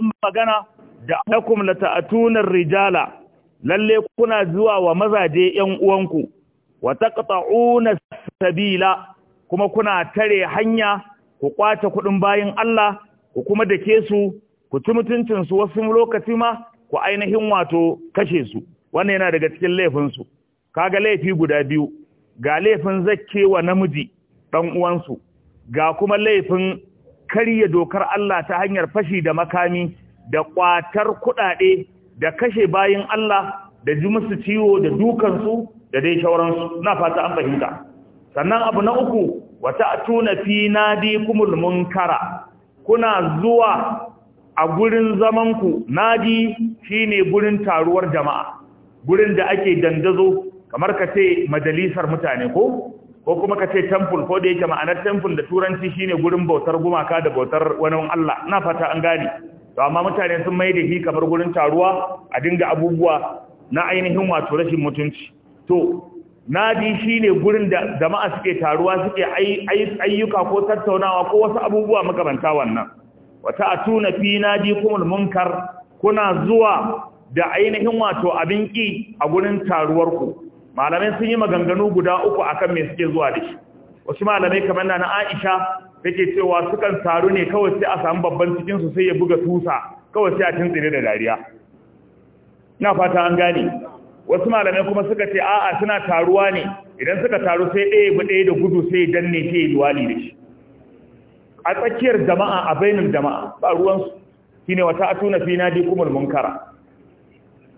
ɗan magana da la lata'atunar rijala lalle kuna zuwa wa mazaje ƴan uwanku wa taqta'una sabila kuma kuna tare hanya ku kwace kuɗin bayin Allah ku kuma dake su ku ci mutuncin su wasu lokaci ma ku ainihin wato kashe su wannan yana daga cikin laifin su kaga laifi guda biyu ga laifin zakkewa namiji ɗan uwansu ga kuma laifin karya dokar Allah ta hanyar fashi da makami da ƙwatar kuɗaɗe da kashe bayan Allah da ji musu ciwo da dukansu da dai shauransu na fata an fahimta sannan abu na uku wata tuna fi nadi kumul munkara kuna zuwa a gurin zamanku nadi shine gurin taruwar jama'a gurin da ake dandazo kamar ka ce majalisar mutane ko ko kuma ka ce temple ko da yake ma'anar temple da turanci shine gurin bautar gumaka da bautar wani Allah na fata an gane to amma mutane sun mai da shi kamar gurin taruwa a dinga abubuwa na ainihin wato rashin mutunci to nadi shine gurin da jama'a suke taruwa suke ayyuka ko tattaunawa ko wasu abubuwa makamanta wannan wata atuna fi nadi kumul munkar kuna zuwa da ainihin wato abin ki a gurin taruwar ku malamai sun yi maganganu guda uku akan mai suke zuwa da shi wasu malamai kamar na Aisha take cewa sukan taru ne kawai sai a samu babban cikin su sai ya buga tusa kawai sai a tsire da dariya ina fata an gane wasu malamai kuma suka ce a'a suna taruwa ne idan suka taru sai ɗaya bu ɗaya da gudu sai danne ta yi liwali da shi a tsakiyar jama'a a bainin jama'a ba ruwansu shine wata atuna fi nadi kumul munkara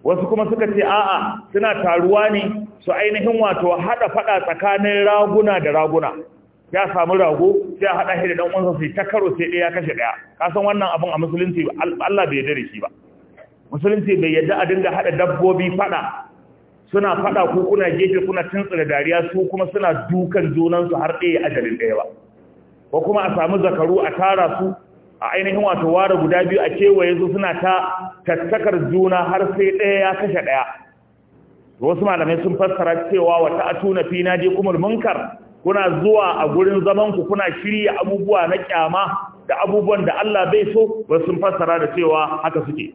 wasu kuma suka ce a'a suna taruwa ne su ainihin wato hada fada tsakanin raguna da raguna ya samu rago sai a hada shi da dan uwansa sai ta karo sai ɗaya kashe ɗaya kasan wannan abin a musulunci Allah bai yarda da shi ba musulunci bai yarda a dinga hada dabbobi fada suna fada ko kuna gefe kuna tantsira dariya su kuma suna dukan junan su har ɗaya ajalin ɗaya ba ko kuma a samu zakaru a tara su a ainihin wato ware guda biyu a kewaye su suna ta tattakar juna har sai ɗaya ya kashe ɗaya wasu malamai sun fassara cewa wata atuna fi je kumul munkar kuna zuwa a gurin zaman ku kuna shirya abubuwa na kyama da abubuwan da Allah bai so ba sun fassara da cewa haka suke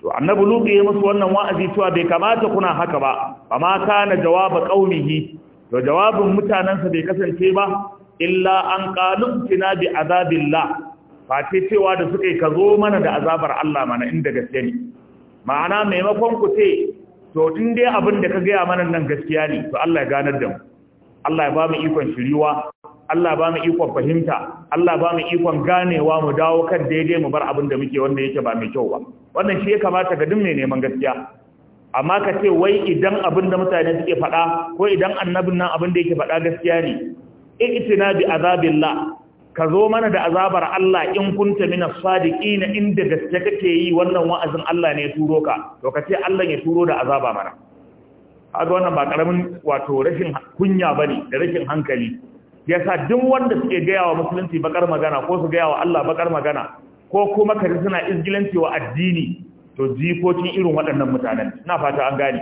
to annabi lubi ya musu wannan wa'azi cewa bai kamata kuna haka ba amma kana jawaba qaumihi to jawabin mutanansa bai kasance ba illa an qalu tina bi azabillah Fate cewa da suka yi ka zo mana da azabar Allah mana inda gaske ne ma'ana maimakon ku ce to tun dai abin da ka gaya mana nan gaskiya ne to Allah ya ganar da mu Allah ya ba mu ikon shiriwa Allah ba mu ikon fahimta Allah ba mu ikon ganewa mu dawo kan daidai mu bar abin da muke wanda yake ba mai kyau ba wannan shi ya kamata ga duk mai neman gaskiya amma ka ce wai idan abin da mutane suke faɗa ko idan annabin nan abin da yake faɗa gaskiya ne ikitina bi azabillah ka zo mana da azabar Allah in kunta minas na inda gaske kake yi wannan wa'azin Allah ne ya turo ka to kace Allah ya turo da azaba mana kaga wannan ba karamin wato rashin kunya bane da rashin hankali yasa duk wanda suke gaya wa musulunci bakar magana ko su gaya wa Allah bakar magana ko kuma kaji suna izgilanci wa addini to jikocin irin waɗannan mutanen ina fata an gane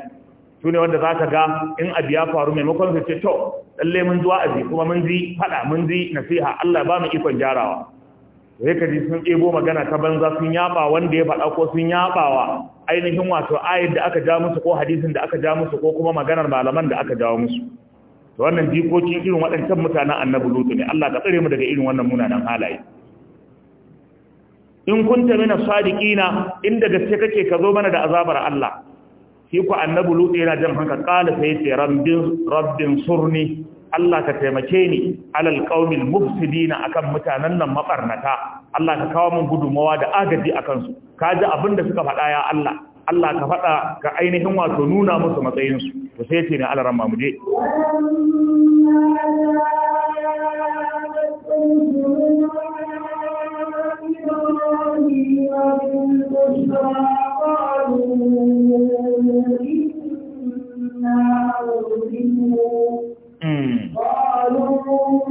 su ne wanda za ka ga in abu ya faru maimakon su ce to lalle mun zuwa abu kuma mun ji faɗa mun ji nasiha Allah ba mu ikon jarawa sai ka ji sun ɗebo magana ta banza sun yaba wanda ya faɗa ko sun wa ainihin wato ayat da aka ja musu ko hadisin da aka ja musu ko kuma maganar malaman da aka jawo musu to wannan jikokin irin waɗancan mutanen annabi lutu ne Allah ka tsare mu daga irin wannan munanan halaye in kunta mina sadiqina inda gaske kake ka zo mana da azabar Allah shi ku annabi lutsi yana jan hanka kala sai ce rabbin surni Allah ka taimake ni alal qaumil mufsidina akan mutanen nan mabarnata Allah ka kawo min gudumawa da agaji akan su abin abinda suka faɗa ya Allah Allah ka faɗa ka ainihin wato nuna musu matsayin su to sai ce ne alaran mu je قالوا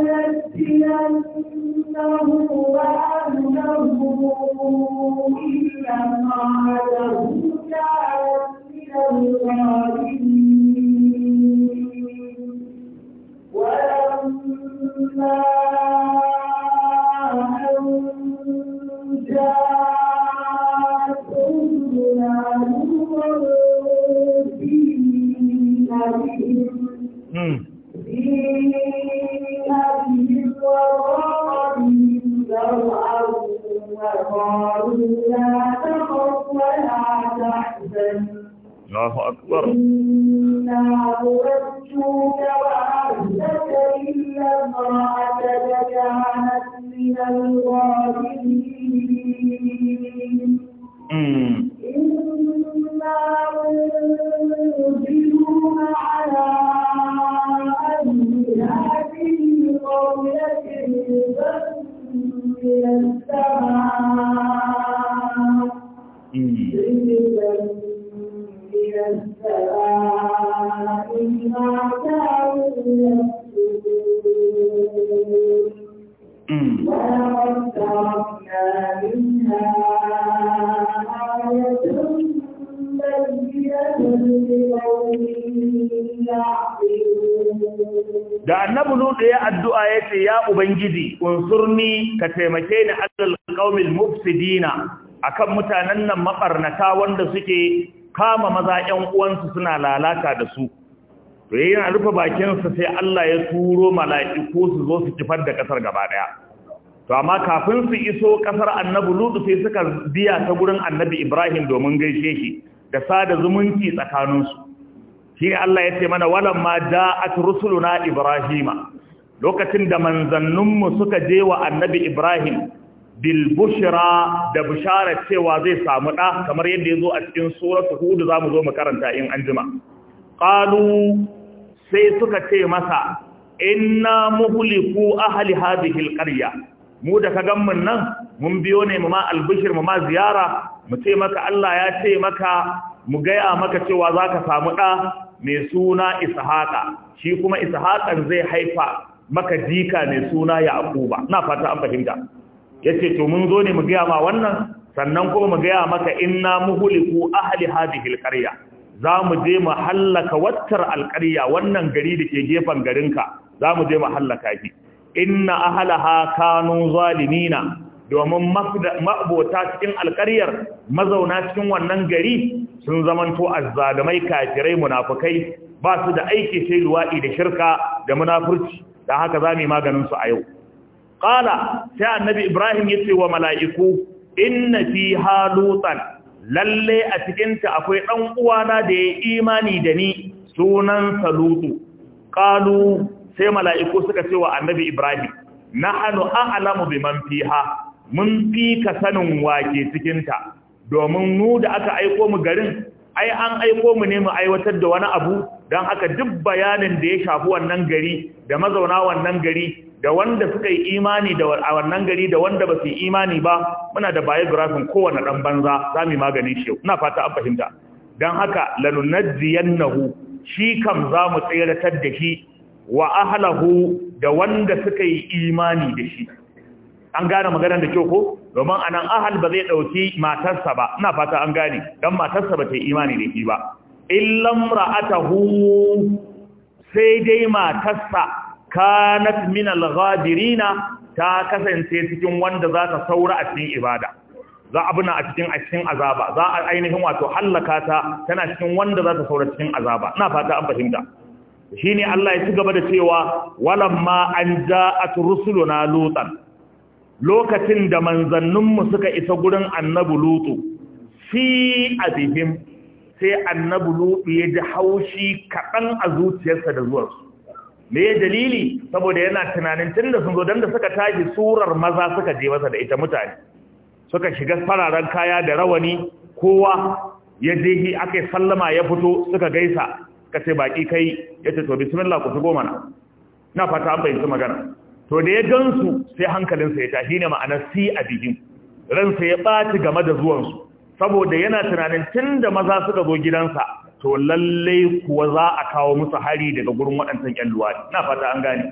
لنجزينه وأهله إلا ما له كانت من أن جاءت رسلنا نورا في نبيهم addu'a ce ya ubangiji unsurni ka taimake ni alal Dina, mufsidina kan mutanen nan makarnata wanda suke kama maza 'yan uwansu suna lalata da su to yana rufe bakinsa sai Allah ya turo mala'iku su zo su kifar da ƙasar gaba ɗaya, to amma kafin su iso ƙasar annabi lutu sai suka biya ta gurin annabi ibrahim domin gaishe shi da sada zumunci tsakaninsu shi Allah ya ce mana Walamma ma da'at rusuluna ibrahima lokacin da manzanninmu suka je wa annabi Ibrahim bil da bishara cewa zai samu ɗa kamar yadda ya zo a cikin suratu hudu za mu zo mu karanta in an jima ƙalu sai suka ce masa inna muhliku ahli hadhihi alqarya mu da ka ganmun nan mun biyo ne mu ma albishir mu ma ziyara mu ce maka Allah ya ce maka mu gaya maka cewa zaka samu ɗa mai suna ishaqa shi kuma ishaqan zai haifa maka jika mai suna ya akuba na fata an fahimta yace to mun zo ne mu ga ma wannan sannan kuma mu gaya maka inna muhliku ahli hadhihi alqarya za mu je mu hallaka wattar alqarya wannan gari da ke gefen garinka za mu je mu hallaka shi inna ahlaha kanu zalimina domin ma'bota cikin alkaryar mazauna cikin wannan gari sun zamanto azzalumai kafirai munafukai ba su da aiki sai luwaɗi da shirka da munafurci Da haka za mu yi maganinsu a yau ƙala sai annabi ibrahim ya ce wa mala'iku inna fi halutan lalle a cikinta akwai ɗan uwana da ya imani da ni sunan salutu ƙalu sai mala'iku suka ce wa annabi ibrahim na hannu a'alamu bi man fiha mun fi ka sanin wake cikinta domin mu da aka aiko mu garin ai an aiko mu ne mu aiwatar da wani abu don haka duk bayanin da ya shafi wannan gari da mazauna wannan gari da wanda suka yi imani da wannan gari da wanda ba su yi imani ba muna da biographin kowane dan banza za mu yi maganin shi ina fata an fahimta don haka lalunajjiyannahu shi kam za mu tseratar da shi wa ahlahu da wanda suka yi imani da shi an gane maganar da kyau ko domin anan ahal ba zai ɗauki matarsa ba ina fata an gane don matarsa ba ta yi imani da shi ba illam ra'atahu sai dai matarsa kanat min al-ghadirina ta kasance cikin wanda za ta saura a cikin ibada za a a cikin a cikin azaba za a ainihin wato hallaka ta tana cikin wanda za ta saura cikin azaba ina fata an fahimta shine Allah ya ci gaba da cewa walamma an ja'at rusuluna lutan lokacin da mu suka isa gurin annabi lutu fi abihim sai annabi lutu ya ji haushi kaɗan a zuciyarsa da zuwarsu. me ya dalili saboda yana tunanin tun da sun zo don da suka tashi surar maza suka je masa da ita mutane suka shiga fararen kaya da rawani kowa ya je aka yi sallama ya fito suka gaisa ka ce baki kai ya ce to bismillah ku shigo mana na fata an bayyana magana to da ya gansu sai hankalinsa ya tashi ne ma'anar si a bikin. ransa ya ɓaci game da zuwansu saboda yana tunanin tun da maza suka zo gidansa to lallai kuwa za a kawo musu hari daga gurin waɗancan ƴan luwaɗi na fata an gane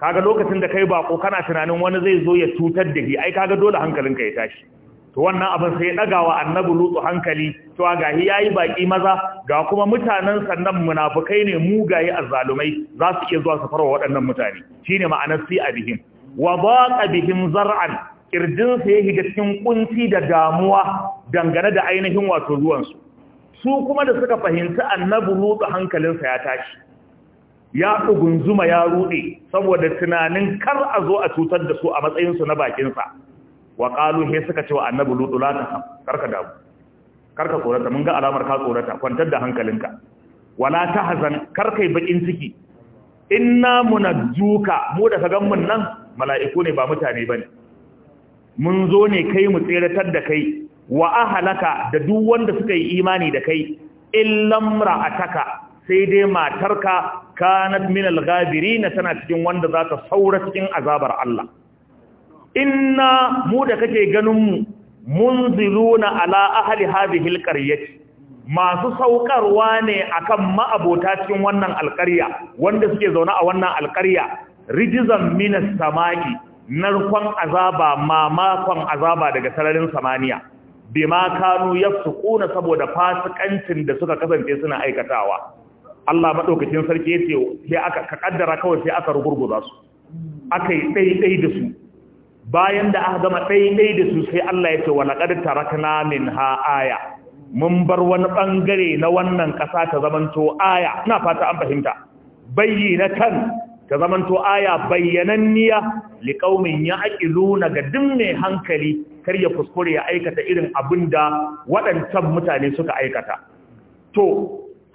kaga lokacin da kai bako kana tunanin wani zai zo ya cutar da shi ai kaga dole hankalinka ya tashi to wannan abin sai ya ɗagawa annabi lutsu hankali to ga shi yayi baki maza ga kuma mutanen sannan munafukai ne mu mugaye azzalumai za su iya zuwa su farwa waɗannan mutane shine ma'anar si abihim wa baqa bihim zar'an kirjinsa ya shiga cikin kunci da damuwa dangane da ainihin wato ruwansu su kuma da suka fahimta annabi lutu hankalinsa ya tashi ya zuma ya ruɗe saboda tunanin kar a zo a cutar da su a matsayinsu na bakinsa wa ƙalu he suka ce wa annabi lutu lata karka damu karka tsorata mun ga alamar ka tsorata kwantar da hankalinka wala ta hazan karkai bakin ciki na munajjuka mu da kagan mun nan mala'iku ne ba mutane bane mun zo ne kai mu tseratar da kai wa ahlaka da duk wanda suka yi imani da kai illam ra'ataka sai dai matarka kanat min al-ghabirin tana cikin wanda za ta saura cikin azabar Allah inna mu da kake ganin mu munziluna ala ahli hadhihi al-qaryati masu saukarwa ne akan ma'abota cikin wannan alƙarya wanda suke zaune a wannan alƙarya rijizan minas samaki narkon azaba mamakon azaba daga sararin samaniya bima kanu yafsukuna saboda fasikancin da suka kasance suna aikatawa Allah madaukakin sarki yace sai aka ka kaddara kawai sai aka rugurguza su aka yi dai da su bayan da aka gama dai da su sai Allah yace wa laqad tarakna minha aya mun bar wani bangare na wannan kasa ta zamanto aya ina fata an fahimta bayyinatan ta zamanto aya bayyananniya liqaumin ya'qiluna ga duk mai hankali kar ya fuskure ya aikata irin abin da waɗancan mutane suka aikata to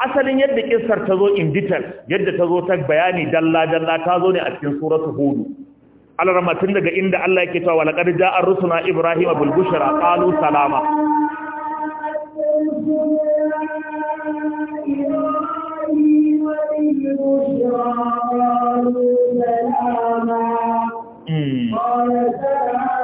asalin yadda kissar ta zo in details yadda ta zo ta bayani dalla dalla ta zo ne a cikin suratul hudu alarma daga inda Allah yake cewa laqad ja'a rusuna ibrahima bil bushra qalu salama قال hmm.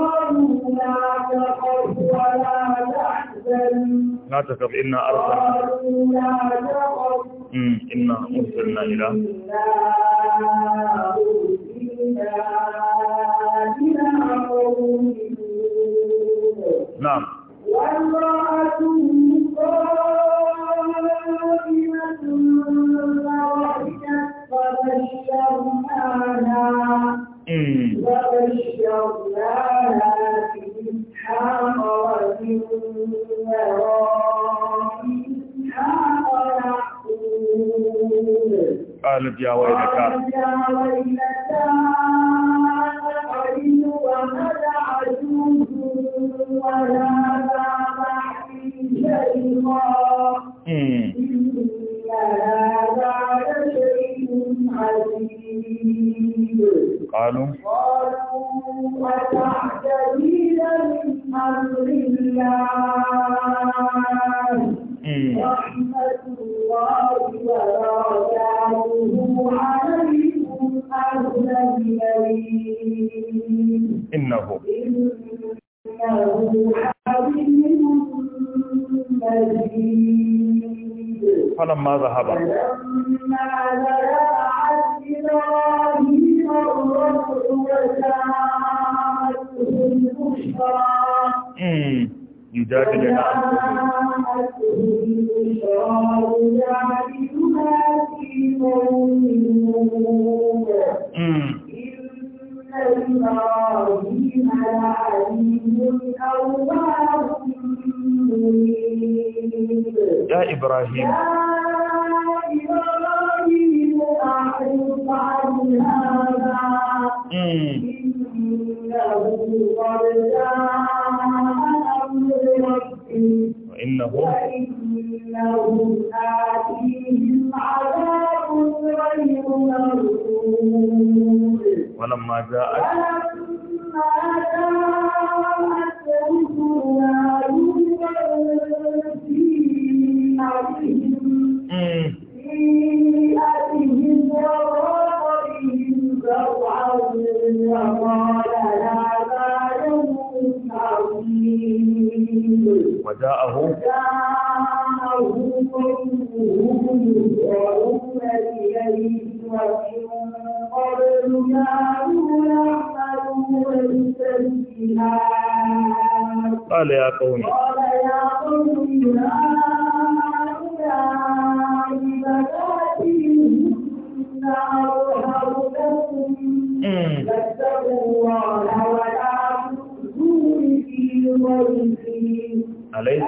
ta inna arzikin inna arzikin inna arzikin ha ba. Hmm, hmm. Ya Ibrahim. Ya فعل هذا إنه قد جاء أمر ربي وإنه آتيهم عذاب غير مرسول ولما جاءت قال يا قوم أليس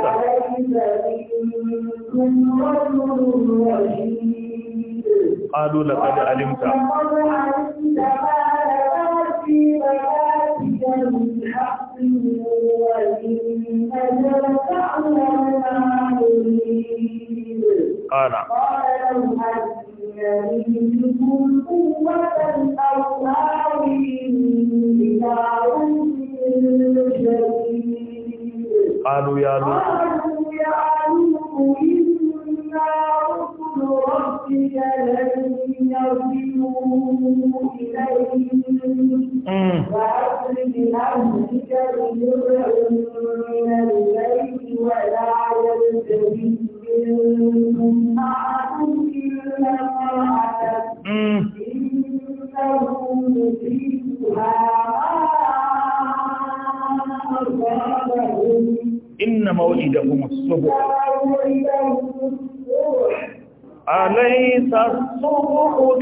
قالوا لقد علمت مناتك بالحق وإنك لتعلم ما أريد قال قال لو أن منكم قوة أو آوي إلى قالوا يا لوط قالوا يا لوط إنا رسل ربك لن يغفر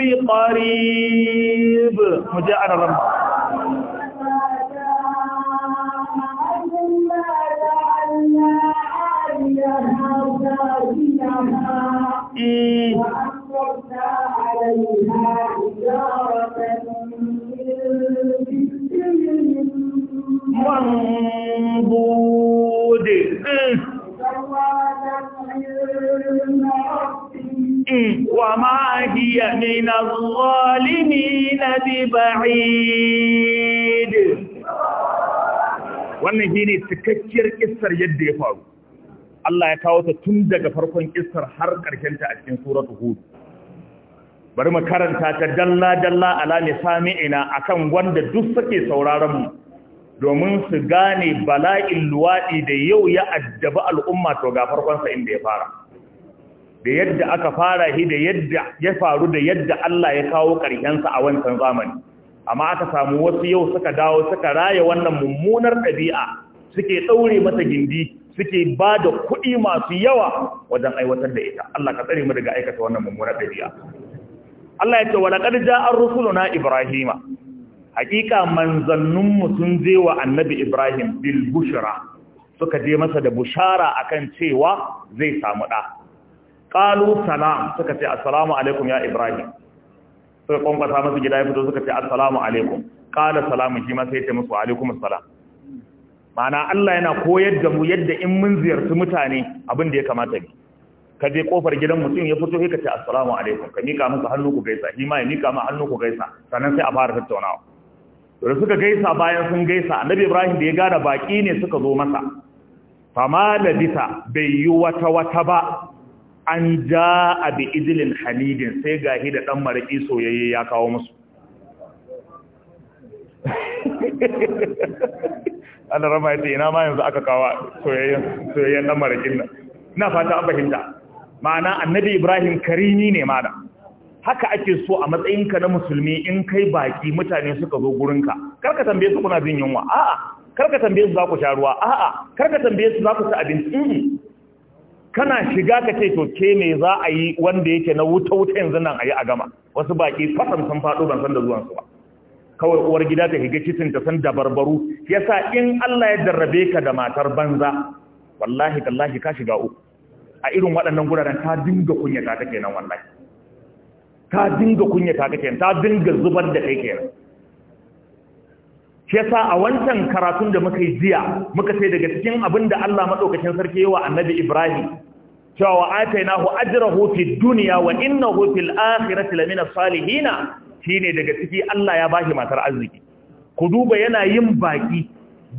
بقريب مجاء رمضان wannan shi ne cikakkiyar kissar yadda ya faru Allah ya kawo ta tun daga farkon kissar har ƙarshenta a cikin suratu hud bari mu karanta ta dalla dalla ala misami'ina akan wanda duk suke sauraron mu domin su gane bala'in luwaɗi da yau ya addabi al'umma to ga farkonsa inda ya fara da yadda aka fara shi da yadda ya faru da yadda Allah ya kawo ƙarshensa a wancan zamani amma aka samu wasu yau suka dawo suka raya wannan mummunar ɗabi'a suke ɗaure mata gindi suke ba da kuɗi masu yawa wajen aiwatar da ita Allah ka tsare mu daga aikata wannan mummunar ɗabi'a Allah ya ce wa laqad ja'a rusuluna ibrahima hakika manzannun mu sun je wa annabi ibrahim bil bushra suka je masa da bushara akan cewa zai samu da qalu salam suka ce assalamu alaikum ya ibrahim suka kwankwasa masu gida ya fito suka ce assalamu alaikum kala salamu shi ma sai ya ce musu alaikum assalam ma'ana Allah yana koyar da mu yadda in mun ziyarci mutane abin da ya kamata ne ka je kofar gidan mutum ya fito ka ce assalamu alaikum ka mika masa hannu ku gaisa shi ma ya mika ma hannu ku gaisa sannan sai a fara tattaunawa da suka gaisa bayan sun gaisa annabi Ibrahim da ya gada baki ne suka zo masa fama da bisa bai yi wata wata ba an ja a bi hamidin sai gahi da ɗan maraƙi soyayye ya kawo musu ana rama ya ce ina ma yanzu aka kawo soyayyen ɗan maraƙin nan ina fata an fahimta ma'ana annabi ibrahim karimi ne ma da. haka ake so a matsayinka na musulmi in kai baki mutane suka zo gurinka karka tambaye su kuna jin yunwa a'a karka tambaye su za ku sha ruwa a'a karka tambaye su za ku ci abinci kana shiga ka ce to ke me za a yi wanda yake na wuta wuta yanzu nan a yi a gama wasu baki fasan sun faɗo ban san da zuwan su ba kawai uwar gida ta higa cikin ta san dabarbaru yasa in Allah ya darrabe ka da matar banza wallahi tallahi ka shiga uku a irin waɗannan guraren ta dinga kunyata ta kenan wallahi ta dinga kunyata ta kenan ta dinga zubar da kai kenan shi yasa a wancan karatun da muka yi jiya muka sayi daga cikin abin da Allah madaukakin sarki yawa annabi Ibrahim cewa wa atainahu ajrahu fid dunya wa innahu fil akhirati lamina salihin shine daga ciki Allah ya bashi matar arziki ku duba yana yin baki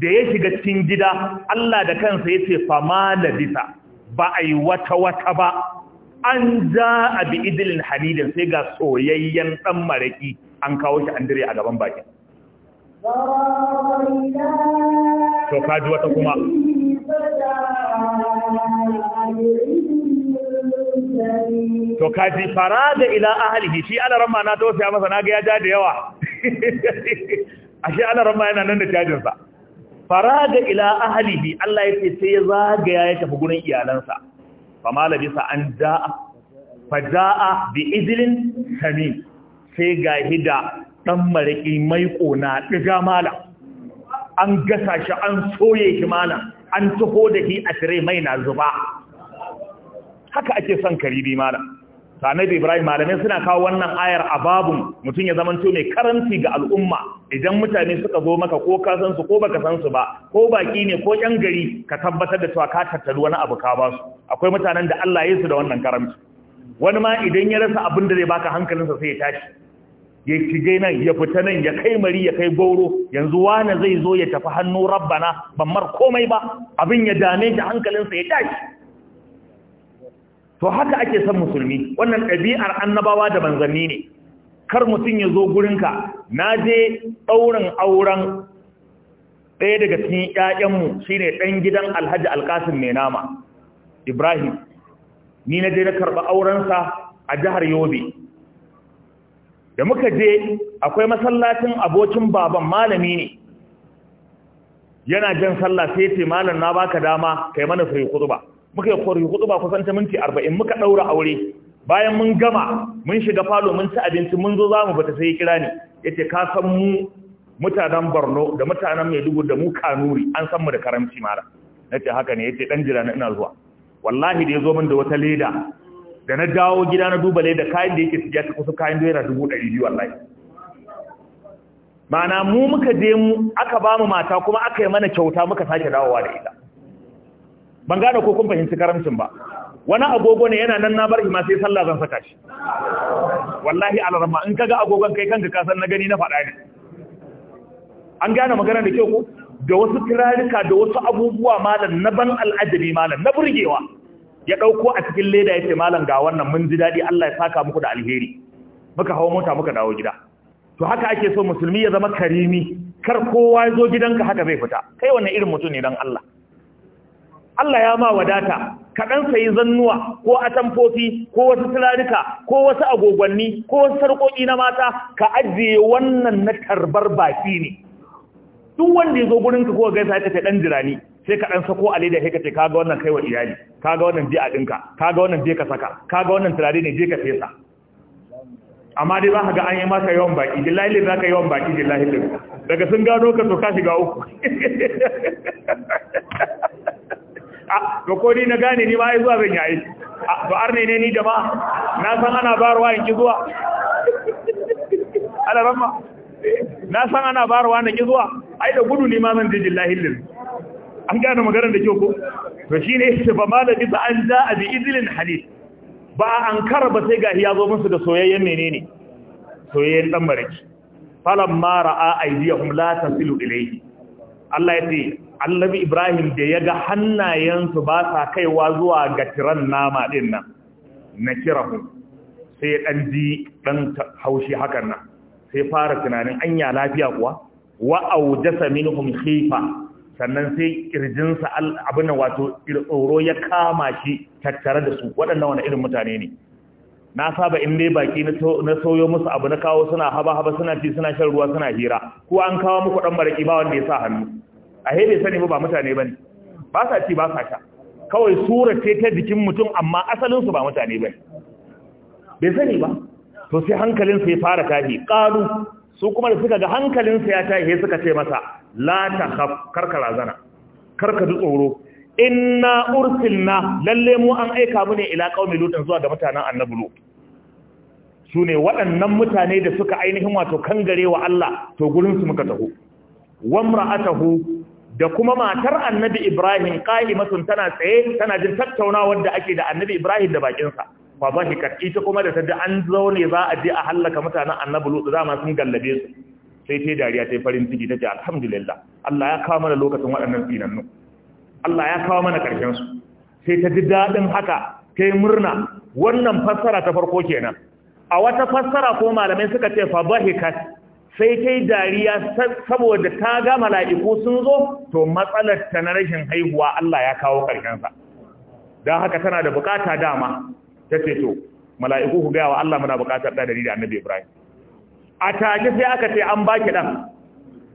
da ya shiga cikin gida Allah da kansa yace fama labisa ba ai wata wata ba an ja abi idilin hamidin sai ga soyayyen dan maraƙi an kawo shi an a gaban bakin to kaji wata kuma to kaji fara da ila ahalihi shi ana ramma na tausaya masa na ga ya ja da yawa ashe ana ramma yana nan da cajinsa fara da ila ahalihi Allah ya ce sai ya zagaya ya tafi gurin iyalansa fama labisa an fa faja'a bi izilin tamim sai ga hida ɗan maraƙi mai ƙona ɗiga mala an gasa shi an soye shi mala an tuho da shi a tire mai na zuba haka ake son karibi mala sanai da ibrahim malamai suna kawo wannan ayar a babu mutum ya zamanto mai karanci ga al'umma idan mutane suka zo maka ko ka san su ko baka san su ba ko baki ne ko yan gari ka tabbatar da cewa ka tattaru wani abu ka ba su akwai mutanen da Allah ya su da wannan karamci wani ma idan ya rasa abin da zai baka hankalinsa sai ya tashi ya shige nan ya fita nan ya kai mari ya kai gauro yanzu wani zai zo ya tafi hannu rabbana ban mar komai ba abin ya dame shi hankalinsa ya tashi to haka ake son musulmi wannan ɗabi'ar annabawa da manzanni ne kar mutum ya zo gurinka na je ɗaurin auren ɗaya daga cikin ƴaƴanmu shine ɗan gidan alhaji alkasim mai nama ibrahim ni na je na karɓi aurensa a jihar yobe da muka je akwai masallacin abokin baban malami ne yana jan sallah sai ce malam na baka dama kai mana fure khutba muka yi fure khutba kusan ta minti 40 muka daura aure bayan mun gama mun shiga falo mun ci abinci mun zo zamu bata sai kira ni yace ka san mu mutanen Borno da mutanen Maiduguri da mu Kanuri an san mu da karamci mara nace haka ne yace dan jira ina zuwa wallahi da yazo min da wata leda da na dawo gida na dubale da kayan da yake su jata kusa kayan naira dubu ɗari biyu wallahi ma'ana mu muka je mu aka ba mu mata kuma aka yi mana kyauta muka sake dawowa da ita ban gane ko kun fahimci karamcin ba wani agogo ne yana nan na bar ma sai sallah zan saka shi wallahi alarma in kaga agogon kai kanka kasan na gani na faɗa ne an gane magana da kyau ko da wasu kirarika da wasu abubuwa malam na ban al'ajabi malam na burgewa ya ɗauko a cikin leda ya ce malam ga wannan mun ji daɗi Allah ya saka muku da alheri muka hau mota muka dawo gida to haka ake so musulmi ya zama karimi kar kowa ya zo gidanka haka zai fita kai wannan irin mutum ne dan Allah Allah ya ma wadata ka dan sayi zannuwa ko atamfofi ko wasu turarika ko wasu agogwanni ko wasu sarƙoƙi na mata ka ajiye wannan na tarbar baki ne duk wanda ya zo gurinka ko gaisa ka ce dan jirani sai ka ɗan sako a leda sai ka ce kaga wannan kai wa iyali kaga wannan je a ɗinka kaga wannan je ka saka kaga wannan turare ne je ka fesa amma dai za ka ga an yi maka yawan baki jin lin za ka yawan baki jin lin daga sun gano ka to ka shiga uku to ko ni na gane ni ma ai zuwa zan yayi to arne ne ni da ma na san ana barwa in ki zuwa ala ramma na san ana barwa na ki zuwa ai da gudu ni ma zan je billahi lin an gane magana da kyau ko to shine shi ba malabi ba an da bi izlin hadith ba an ba sai ga ya zo musu da soyayyen menene soyayyen dan maraki ma ra'a aydihum la tasilu ilayhi Allah yace annabi Ibrahim da ya ga hannayensu ba sa kaiwa zuwa ga tiran nama din nan kirahu sai dan ji dan haushi hakan nan sai fara tunanin anya lafiya kuwa wa aujasa minhum khifa sannan sai kirjinsa abin da wato tsoro ya kama shi tattare da su waɗannan wani irin mutane ne na saba in dai baki na soyo musu abu na kawo suna haba-haba suna ci suna shan ruwa suna hira ko an kawo muku ɗan maraki ba wanda ya sa hannu a hebe sani ba mutane ba ne ba sa ci ba sa sha kawai sura ce ta jikin mutum amma asalinsu ba mutane ba ne bai sani ba to sai hankalinsa ya fara tashi ƙaru su kuma da suka ga hankalinsa ya tashi suka ce masa la takhaf karka razana karka ji tsoro inna ursilna lalle mu an aika mu ne ila qaumi lutan zuwa ga mutanen annabi lut su waɗannan mutane da suka ainihin wato kangare wa Allah to gurinsu muka taho wamra'atahu da kuma matar annabi Ibrahim qa'imatun tana tsaye tana jin tattaunawar da ake da annabi Ibrahim da sa fa zahikat ita kuma da ta ji an ne za a je a hallaka mutanen annabi Lut za ma sun gallabe su sai ta dariya ta farin ciki ta ce alhamdulillah Allah ya kawo mana lokacin waɗannan tsinannu Allah ya kawo mana su. sai ta ji daɗin haka ta yi murna wannan fassara ta farko kenan a wata fassara ko malamai suka ce fa bahikat sai ta dariya saboda ta ga mala'iku sun zo to matsalar ta na rashin haihuwa Allah ya kawo ƙarshensa don haka tana da bukata dama ta ce to mala'iku ku gaya wa Allah muna bukatar ɗadari da annabi Ibrahim a take sai aka ce an baki dan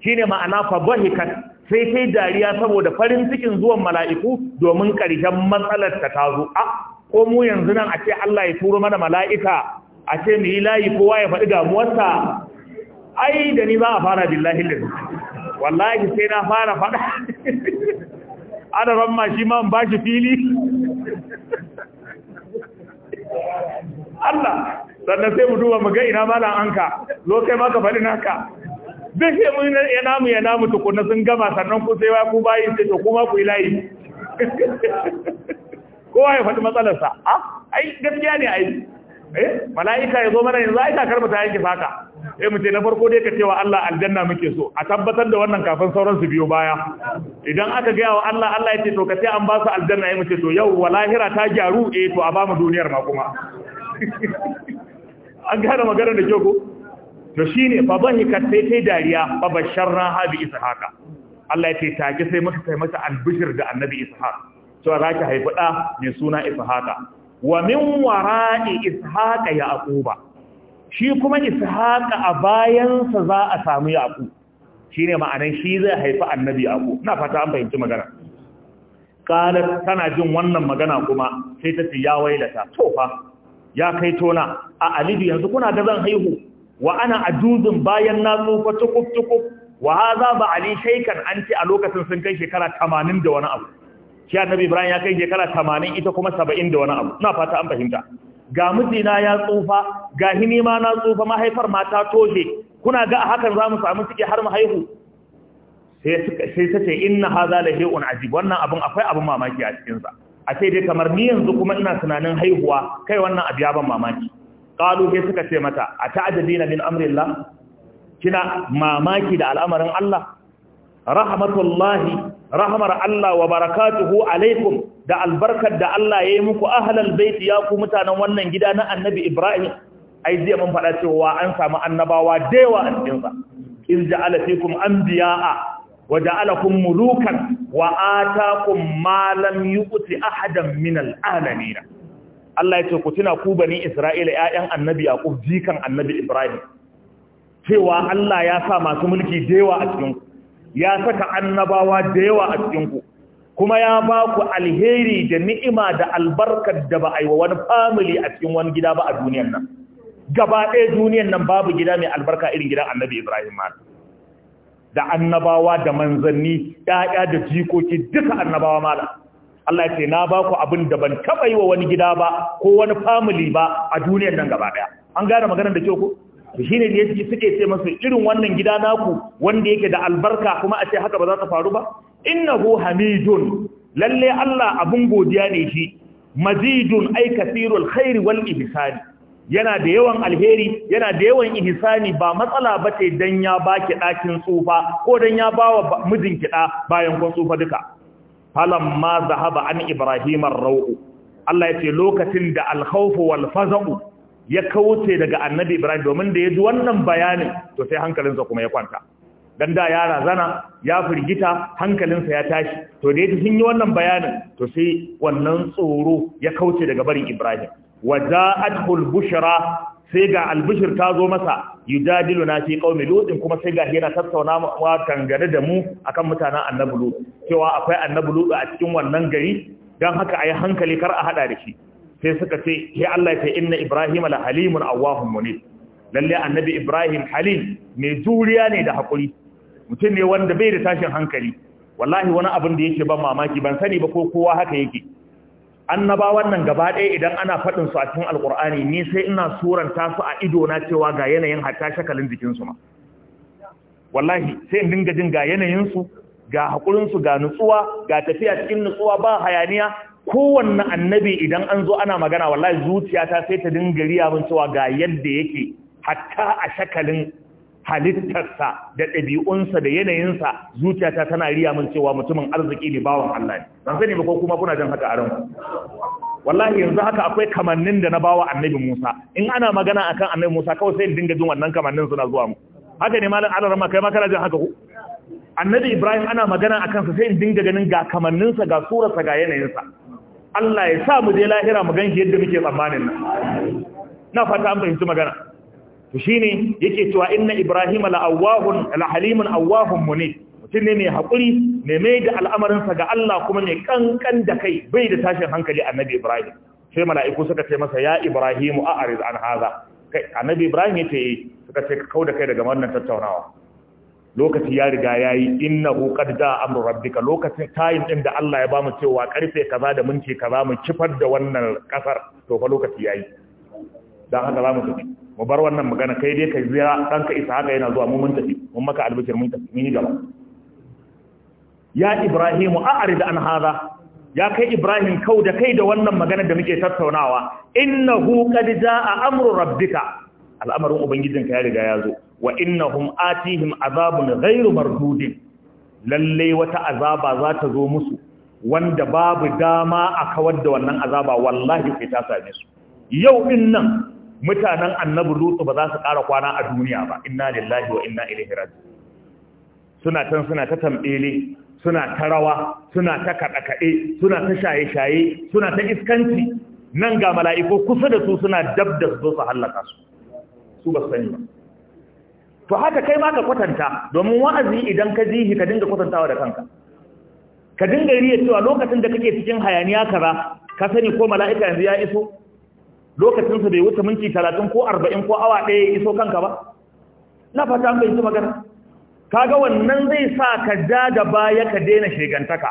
shine ma'ana fa bahikat sai sai dariya saboda farin cikin zuwan mala'iku domin karshen matsalar ta tazo a ko mu yanzu nan a ce Allah ya turo mana mala'ika a ce mu yi layi kowa ya faɗi damuwarsa ai da ni ba a fara billahi wallahi sai na fara faɗa ana ma shi ma ba shi fili Allah sannan sai mu duba mu ga ina malam anka zo kai ma ka fadi naka duk sai mu ya namu ya namu kuna sun gama sannan ku sai ku bayi sai to kuma ku yi layi kowa ya faɗi matsalarsa a ai gaskiya ne ai eh mala'ika ya zo mana yanzu ai ka mu ta yanke saka eh mu ce na farko dai ka cewa Allah aljanna muke so a tabbatar da wannan kafin sauran su biyo baya idan aka ga wa Allah Allah ya ce to ka ce an ba su aljanna eh mu ce to yau walahira ta gyaru eh to a ba mu duniyar ma kuma an gane magana da kyau ko to shine fa ka sai kai dariya fa basharra ha bi ishaqa Allah ya ce take sai muka kai mata albishir da annabi ishaq to za ka haifi da mai suna ishaqa wa min wara'i ishaqa yaquba shi kuma ishaqa a bayansa za a samu yaqub shine ma'anan shi zai haifi annabi yaqub na fata an fahimci magana kalar tana jin wannan magana kuma sai ta ce ya wailata to fa ya kai tona a alidu yanzu kuna ga zan haihu wa ana ajuzun bayan na tsufa tukuf tukuf wa haza ba ali shaikan an ce a lokacin sun kai shekara 80 da wani abu shi annabi ibrahim ya kai shekara 80 ita kuma 70 da wani abu ina fata an fahimta ga mijina ya tsufa ga ma na tsufa mahaifar mata toshe kuna ga a hakan za mu samu ciki har mu haihu sai ta ce inna haza la shay'un ajib wannan abun akwai abun mamaki a cikin sa a ce dai kamar ni yanzu kuma ina tunanin haihuwa kai wannan abu ya ban mamaki qalu sai suka ce mata a ata'jabina min amrillah kina mamaki da al'amarin Allah rahmatullahi rahmar Allah wa barakatuhu alaikum da albarkar da Allah yayi muku ahlal bait ya ku mutanen wannan gida na annabi Ibrahim ai zai mun faɗa cewa an samu annabawa da yawa a cikin sa in ja'ala fikum anbiya'a wa ja'alakum mulukan wa atakum malam lam yu'ti ahadan min al'alamin Allah ya ce ku tuna ku bani Isra'ila ƴaƴan Annabi Yaqub jikan Annabi Ibrahim cewa Allah ya sa masu mulki da yawa a cikin ku ya saka annabawa da yawa a cikin ku kuma ya ba ku alheri da ni'ima da albarka da ba a yi wa wani family a cikin wani gida ba a duniyan nan gaba ɗaya duniyan nan babu gida mai albarka irin gidan Annabi Ibrahim ma da annabawa da manzanni ƴaƴa da jikoki duka annabawa mala Allah ya ce na ba ku abin da ban taɓa yi wa wani gida ba ko wani family ba a duniyar nan gaba ɗaya an gane maganar da kyau ko shi ne da yake suke ce masa irin wannan gida naku wanda yake da albarka kuma a ce haka ba za ta faru ba innahu hamidun lalle Allah abun godiya ne shi mazidun ay kathirul khairi wal ihsani yana da yawan alheri yana da yawan ihsani ba matsala ba ce dan ya baki ɗakin tsufa ko dan ya ba wa mijin kiɗa bayan kun tsufa duka ma zahaba an ibrahim rauu Allah ya ce lokacin da al-khawfu wal faza'u ya kauce daga annabi ibrahim domin da ya ji wannan bayanin to sai hankalinsa kuma ya kwanta dan da ya razana ya firgita hankalinsa ya tashi to da ya ji sun yi wannan bayanin to sai wannan tsoro ya kauce daga barin ibrahim wa ja'atul bushra sai ga albushir ta zo masa yujadilu na fi qaumi lutin kuma sai ga yana tattauna wa tangare da mu akan mutanen annabi lut cewa akwai annabi lut a cikin wannan gari dan haka ayi hankali kar a hada da shi sai suka ce ya Allah ya inna ibrahim la halimun awahum munib lalle annabi ibrahim halim mai juriya ne da hakuri mutum ne wanda bai da tashin hankali wallahi wani abin da yake ban mamaki ban sani ba ko kowa haka yake annaba wannan gaba ɗaya idan ana faɗin su a cikin alkur'ani ni sai ina suranta su a ido na cewa ga yanayin hatta shakalin jikinsu ma wallahi sai in dinga jin ga yanayinsu ga haƙurinsu ga nutsuwa ga tafiya cikin nutsuwa ba hayaniya kowanne annabi idan an zo ana magana wallahi zuciyata sai ta dinga riya min cewa ga yadda yake hatta a shakalin halittarsa da ɗabi'unsa da yanayinsa zuciyata tana riya min cewa mutumin arziki ne bawan Allah ne ban sani ba ko kuma kuna jan haka a ranku wallahi yanzu haka akwai kamannin da na bawa annabi Musa in ana magana akan annabi Musa kawai sai dinga jin wannan kamannin suna zuwa mu haka ne malam alarama kai ma kana jin haka ku annabi ibrahim ana magana a sa sai in dinga ganin ga kamanninsa ga surarsa ga yanayinsa Allah ya sa mu je lahira mu ganki yadda muke tsammanin nan na fata an fahimci magana to shine yake cewa inna ibrahima la'awahun alhalimun awahun munib mutum ne mai hakuri mai mai da al'amarinsa ga Allah kuma mai kankan da kai bai da tashin hankali annabi ibrahim sai mala'iku suka ce masa ya ibrahimu a ariz an haza annabi ibrahim ya ce eh, suka ce kau da kai daga wannan tattaunawa lokaci ya riga ya yi inna hukar da amurin rabbika lokacin tayin ɗin da Allah ya ba mu cewa karfe kaza da minti kaza mu kifar da wannan ƙasar to fa lokaci ya yi haka za mu tafi mu bar wannan magana kai dai ka zira ɗanka isa haka yana zuwa mun tafi mun maka albishir mun tafi mun yi gaba ya ibrahimu a'rid an hadha ya kai ibrahim kau da kai da wannan magana da muke tattaunawa innahu qad jaa amru rabbika al'amarin Ubangijin ya riga ya zo wa innahum atihim azabun ghairu mardudin lalle wata azaba za ta zo musu wanda babu dama a kawar da wannan azaba wallahi sai ta same su yau din nan mutanen annabi lutu ba za su ƙara kwana a duniya ba inna lillahi wa inna ilaihi raji suna can suna ta tambele suna ta rawa suna ta kaɗe-kaɗe suna ta shaye-shaye suna ta iskanci nan ga mala'iku kusa da su suna dab da su zo su hallaka su su ba sani ba to haka kai ma ka kwatanta domin wa'azi idan ka jihi ka dinga kwatantawa da kanka ka dinga riya cewa lokacin da kake cikin hayaniya kaza ka sani ko mala'ika yanzu ya iso lokacinsa bai wuce minti talatin ko arba'in ko awa ɗaya ya iso kanka ba na fata an bayyanci magana kaga wannan zai sa ka ja da baya ka daina shegantaka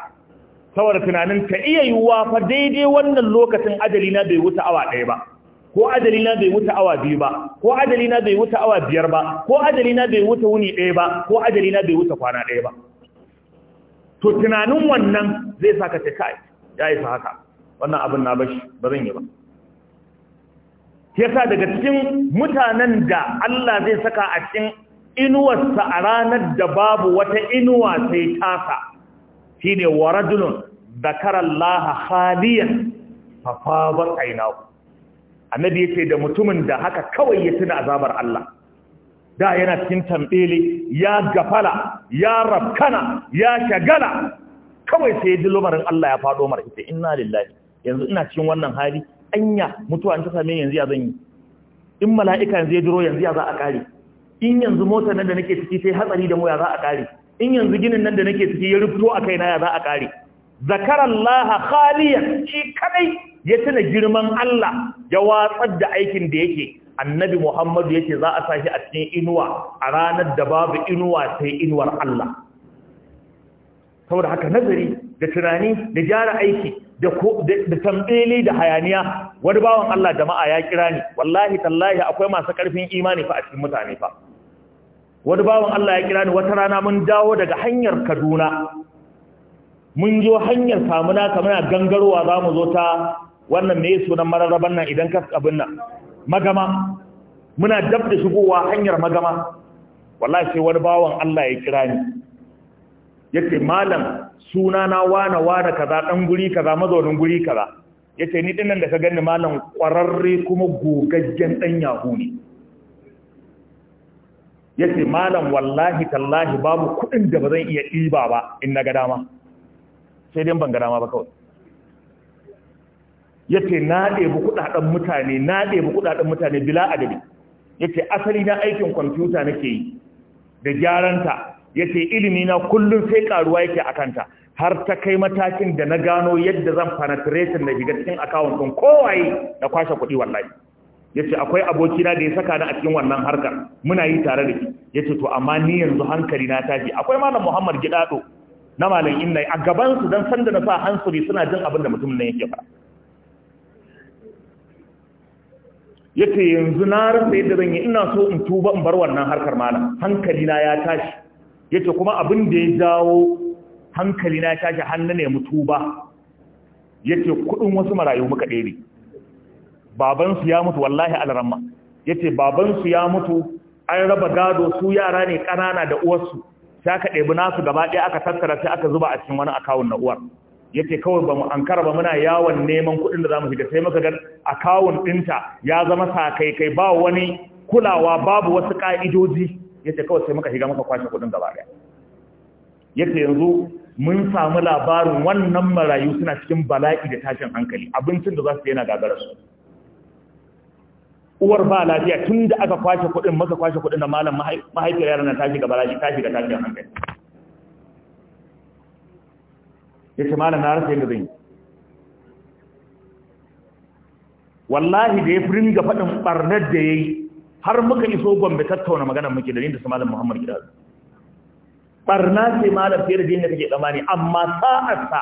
saboda tunanin ka iya yiwuwa fa daidai wannan lokacin ajali na bai wuce awa ɗaya ba ko ajali na bai wuce awa biyu ba ko ajali na bai wuce awa biyar ba ko ajali na bai wuce wuni ɗaya ba ko ajali na bai wuce kwana ɗaya ba to tunanin wannan zai sa ka ce kai ya isa haka wannan abin na bashi ba zan yi ba yasa daga cikin mutanen da Allah zai saka a cikin inuwarsa a ranar da babu wata inuwa sai tasa shine warajulun zakarallaha khaliyan fa fadat aynahu annabi yace da mutumin da haka kawai ya tuna azabar Allah da yana cikin tambele ya gafala ya rafkana ya shagala kawai sai ya ji lamarin Allah ya faɗo mara ita inna lillahi yanzu ina cikin wannan hali anya mutuwa ta same yanzu ya zan yi in mala'ika yanzu ya jiro yanzu ya za a kare in yanzu motar nan da nake ciki sai hatsari da moya za a kare in yanzu ginin nan da nake ciki ya rufto a kaina ya za a kare zakarallaha khaliyan shi kadai ya tuna girman Allah ya watsar da aikin da yake annabi Muhammadu yake za a sashi a cikin inuwa a ranar da babu inuwa sai inuwar Allah saboda haka nazari da tunani da gyara aiki da tambele da hayaniya wani bawan Allah jama'a ya kira ni wallahi tallahi akwai masu karfin imani fa a cikin mutane fa wani bawan Allah ya kira ni wata rana mun dawo daga hanyar Kaduna mun jo hanyar Samuna kamar gangarowa mu zo ta wannan me sunan mararraban nan idan ka abin nan magama muna dab da shigowa hanyar magama wallahi sai wani bawan Allah ya kira ni yace malam suna na wana wana kaza dan guri kaza mazaunin guri kaza yace ni dinnan da ka ganni malam kwararre kuma gogaggen dan yahu ne yace malam wallahi tallahi babu kudin da bazan iya diba ba in na ga dama sai dai ban ga dama ba kawai yace na ɗebi kudaden mutane na ɗebi kudaden mutane bila adadi yace asali na aikin kwamfuta nake yi da gyaranta yace ilimi na kullum sai karuwa yake akanta har ta kai matakin da na gano yadda zan penetration na shiga cikin account din kowaye da kwashe kuɗi wallahi yace akwai abokina da ya saka ni a cikin wannan harkar muna yi tare da shi yace to amma ni yanzu hankali na tashi akwai malam Muhammad Gidado na malam Inna a gaban su dan sanda na sa hansuri suna jin abin da mutum nan yake fa yace yanzu na rasa yadda zan yi ina so in tuba in bar wannan harkar malam hankali na ya tashi yace kuma abin da ya jawo hankali na tashi hannu ne mutu ba yace kudin wasu marayu muka ɗere baban su ya mutu wallahi alramma yace baban ya mutu an raba gado su yara ne kanana da uwarsu sai aka ɗebi nasu gaba ɗaya aka tattara sai aka zuba a cikin wani akawun na uwar yace kawai bamu ankara ba muna yawon neman kuɗin da za zamu fita sai muka ga akawun ɗinta ya zama sakai kai ba wani kulawa babu wasu ƙa'idoji ce kawai sai muka shiga muka kwashe kudin gaba ya ce yanzu mun samu labarin wannan marayu suna cikin bala'i da tashin hankali abincin da za su yana gagara su uwar ba lafiya tun da aka kwashe kuɗin maka kwashe kuɗin da malam mahaifiyar yaran na tashi gaba bala'i tashi da tashin hankali ya ce malam na rasa yadda zan yi wallahi da ya firin ga faɗin ɓarnar da ya yi har muka iso gombe tattauna magana muke da da su malam muhammad gida barna sai malam fere da da kake tsammani amma sa'arsa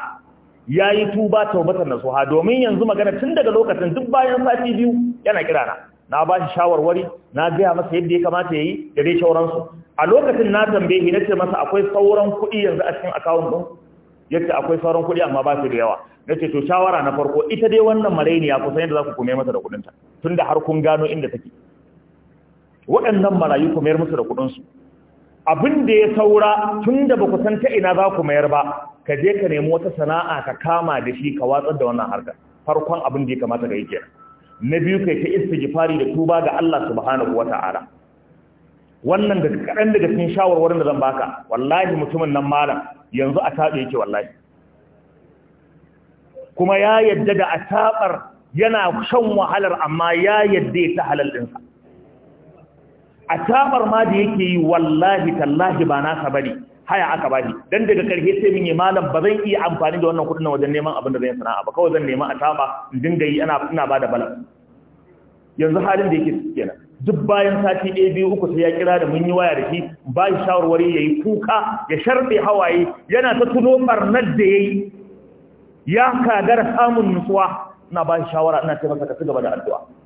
ya yi tuba taubatar na domin yanzu magana tun daga lokacin duk bayan sati biyu yana kirana na ba shi shawarwari na gaya masa yadda ya kamata ya yi da dai shauransu a lokacin na tambaye na ce masa akwai sauran kuɗi yanzu a cikin akawun ɗin yadda akwai sauran kuɗi amma ba su da yawa na ce to shawara na farko ita dai wannan maraini ya kusan yadda za ku kume mata da kuɗinta tun da har kun gano inda take waɗannan marayu ku mayar musu da kuɗinsu abin da ya saura tun da ba ku san ta ina za ku mayar ba ka je ka nemi wata sana'a ka kama da shi ka watsar da wannan harkar farkon abin da ya kamata ka yi kenan na biyu kai ta istighfari da tuba ga Allah subhanahu wata'ala wannan da kaɗan daga cikin shawarwarin da zan baka wallahi mutumin nan malam yanzu a tabe yake wallahi kuma ya yadda da a yana shan wahalar amma ya yadda ta halal ɗinsa a tabar ma da yake yi wallahi tallahi ba nasa bari, haya aka bani dan daga karshe sai mun yi malam ba zan iya amfani da wannan kudin wajen neman abin da zan sana'a ba kawai zan nema a taba in dinga yi ana ina bada balan yanzu halin da yake kenan duk bayan sati ɗaya biyu uku sai ya kira da mun yi waya da shi ba shi shawarwari ya yi kuka ya sharɗe hawaye yana ta tuno ɓarnar da ya yi ya kagara samun nutsuwa ina ba shi shawara ina taimaka ta ka ci gaba da addu'a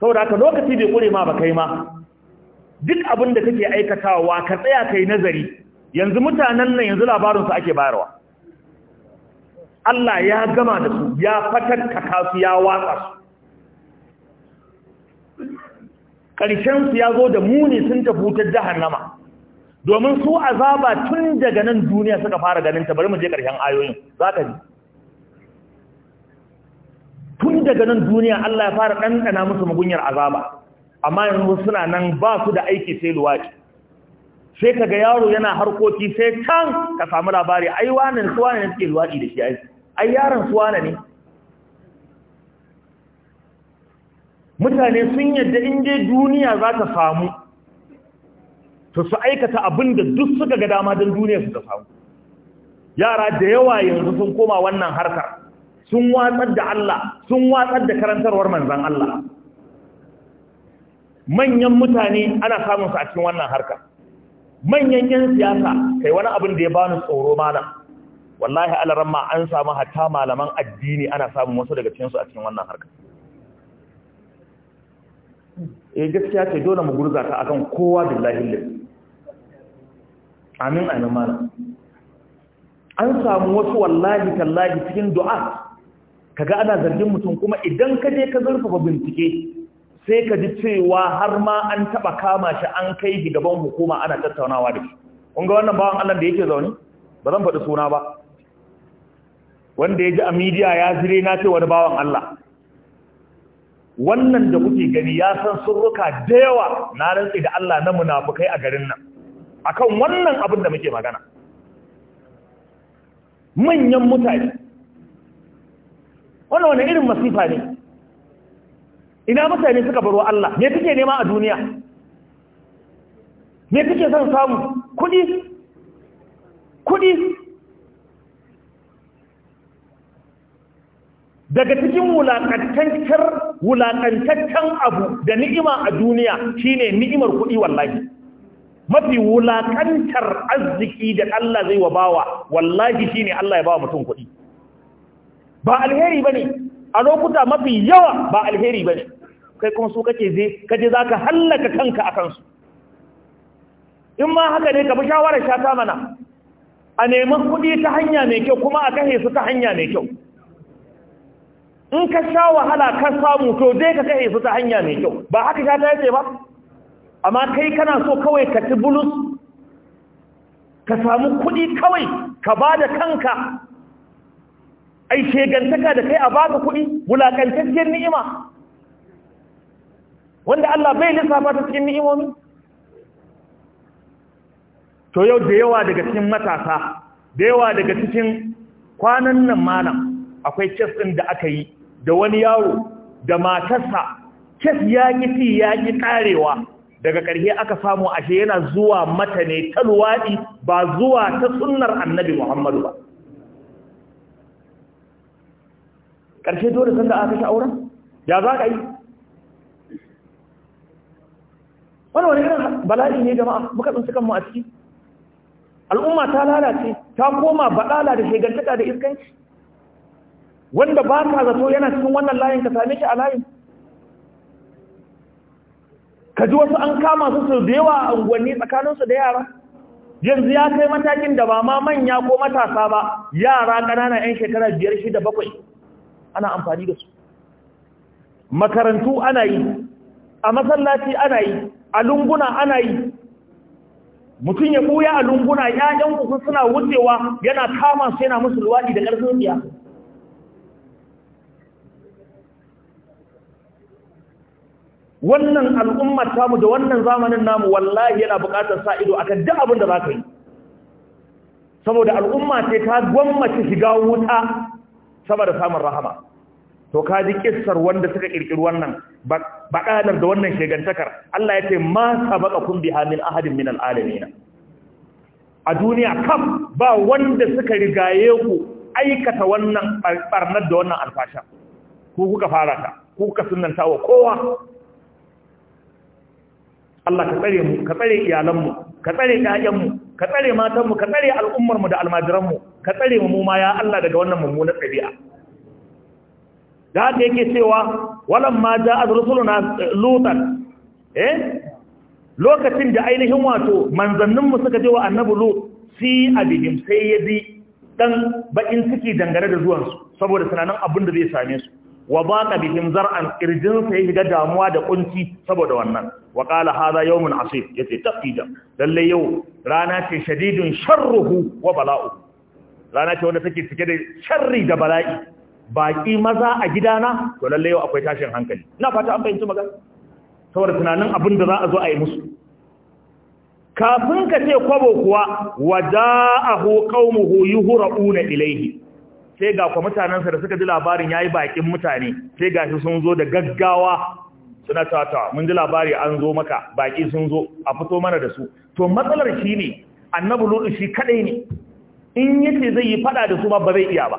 saboda haka lokaci bai kure ma ba kai ma duk abin da kake aikatawa ka tsaya kai nazari yanzu mutanen nan yanzu labarin su ake bayarwa Allah ya gama da su ya fatar ka kasu ya watsa su Karshen su ya zo da muni sun tafi wutar jahannama domin su azaba tun daga nan duniya suka fara ganin ta bari mu je karshen ayoyin za ka ji tun daga nan duniya Allah ya fara ɗanɗana musu magunyar azaba amma yanzu suna nan ba su da aiki sai luwaɗi sai kaga yaro yana harkoki sai can ka samu labari ai wannan suwa ne suke luwaɗi da shi ai ai yaron suwa ne mutane sun yadda in dai duniya za ta samu to su aikata abin da duk suka ga dama don duniya su ta samu yara da yawa yanzu sun koma wannan harkar sun watsar da Allah sun watsar da karantarwar manzan Allah manyan mutane ana samun su a cikin wannan harka manyan yan siyasa kai wani abin da ya bani tsoro malam wallahi alaramma an samu hatta malaman addini ana samun wasu daga cikin su a cikin wannan harka eh gaskiya ce dole mu gurza ta akan kowa billahi lillahi amin amin mana. an samu wasu wallahi tallahi cikin du'a kaga ana zargin mutum kuma idan ka je ka zurfafa bincike sai ka ji cewa har ma an taba kama shi an kai shi gaban hukuma ana tattaunawa da shi kun ga wannan bawan Allah da yake zaune ba zan faɗi suna ba wanda ya ji a midiya ya zire na ce wani bawan Allah wannan da kuke gani ya san surruka da yawa na rantsi da Allah na munafukai a garin nan akan wannan abin da muke magana manyan mutane wannan wani irin masifa ne ina mutane suka baro Allah me suke nema a duniya me suke son samu kudi kudi daga cikin wulakantaccen wulakantaccen abu da ni'ima a duniya shine ni'imar kudi wallahi mafi wulakantar arziki da Allah zai wa bawa wallahi shine Allah ya bawa mutum kudi ba alheri ba ne a lokuta mafi yawa ba alheri ba ne kai kuma su kake zai kaje za ka hallaka kanka a kansu in ma haka ne ka fi shawarar shata mana a neman kuɗi ta hanya mai kyau kuma a kahe su ta hanya mai kyau in ka sha wahala ka samu to dai ka kahe su ta hanya mai kyau ba haka shata ya ce ba amma kai kana so kawai ka ci bulus ka samu kuɗi kawai ka ba da kanka ai shegantaka da kai a baka kuɗi wulaƙantacciyar ni'ima wanda Allah bai lissafa ta cikin ni'imomi to yau da yawa daga cikin matasa da yawa daga cikin kwanan nan malam akwai kes ɗin da aka yi da wani yaro da matarsa kes ya ƙi fi ya ƙi ƙarewa daga ƙarshe aka samu ashe yana zuwa mata ne ta luwaɗi ba zuwa ta sunnar annabi muhammadu ba ƙarshe dole sanda aka shi auren ya za ka yi wani wani irin bala'i ne jama'a muka tsinci kanmu a ciki al'umma ta lalace ta koma baɗala da shegantaka da iskanci wanda ba ka zato yana cikin wannan layin ka same shi a layin ka ji wasu an kama su su da yawa a unguwanni tsakaninsu da yara yanzu ya kai matakin da ba ma manya ko matasa ba yara ƙanana 'yan shekara biyar shi da bakwai ana amfani da su makarantu ana yi a masallaci ana yi a lunguna ana yi mutum ya buya a lunguna ‘ya'yan kuku suna wucewa yana kama su yana musu luwaɗi da ƙarfin biya wannan al'ummar tamu da wannan zamanin namu wallahi yana buƙatar sa ido akan duk abin da za ka yi saboda al'umma ce ta gwammace shiga wuta da samun rahama to ka ji kissar wanda suka kirkiri wannan baƙanar da wannan shegantakar Allah ya ce ma sabaka kun biha min ahadin min alalamin a duniya kam ba wanda suka rigaye ku aikata wannan barnar da wannan alfasha ku kuka fara ta ku kuka sunanta wa kowa Allah ka tsare mu ka tsare iyalan mu, ka tsare mu, ka tsare matan mu, ka tsare al'ummar mu da almajiran mu. ka tsare mu ma ya Allah daga wannan mummunar ɗabi'a da haka yake cewa walan ma ja azrusuluna eh, lutan eh lokacin da ainihin wato manzanninmu suka je wa annabi lut si abihim sai ya ji dan bakin ciki dangane da zuwansu saboda tunanin abin da zai same su wa baqa bihim zar'an irjin sai shiga damuwa da kunci saboda wannan wa qala hadha yawmun asif yace taqida lalle yau rana ce shadidun sharruhu wa bala'uhu rana ce wanda take cike da sharri da bala'i baki maza a gidana to lalle yau akwai tashin hankali ina fata an fahimci magana saboda tunanin abin da za a zo a yi musu kafin ka ce kwabo kuwa wada'ahu qaumuhu yuhra'una ilayhi sai ga mutanen mutanensa da suka ji labarin yayi bakin mutane sai ga sun zo da gaggawa suna tata mun ji labari an zo maka baki sun zo a fito mana da su to matsalar shi ne annabi shi kadai ne in yi ce zai yi fada da su ma ba zai iya ba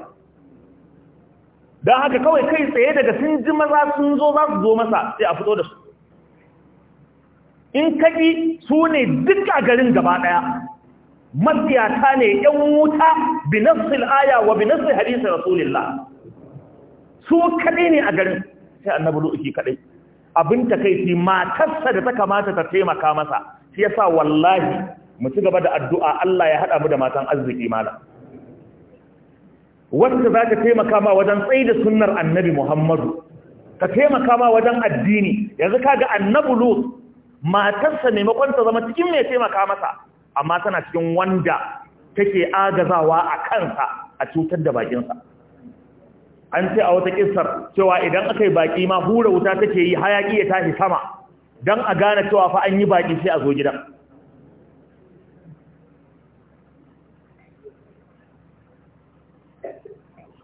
don haka kawai kai tsaye daga sun ji maza sun zo za su zo masa sai a fito da su in kaɗi su ne duk garin gaba ɗaya matsiyata ne ‘yan wuta binassil aya wa binassil hadisi rasulillah su kaɗai ne a garin sai annabi lu'uki kaɗai abin takaici matarsa da ta kamata ta taimaka masa shi yasa wallahi mu ci gaba da addu'a Allah ya haɗa mu da matan arziki mala wanda za ka taimaka ma wajen tsaye da sunnar annabi Muhammadu ka taimaka ma wajen addini yanzu ka ga annabu matarsa maimakon ta zama cikin mai taimaka masa amma tana cikin wanda take agazawa a kansa a cutar da bakinsa an ce a wata kissar cewa idan aka yi baki ma hura wuta take yi hayaki ya tashi sama don a gane cewa fa an yi baki sai a zo gidan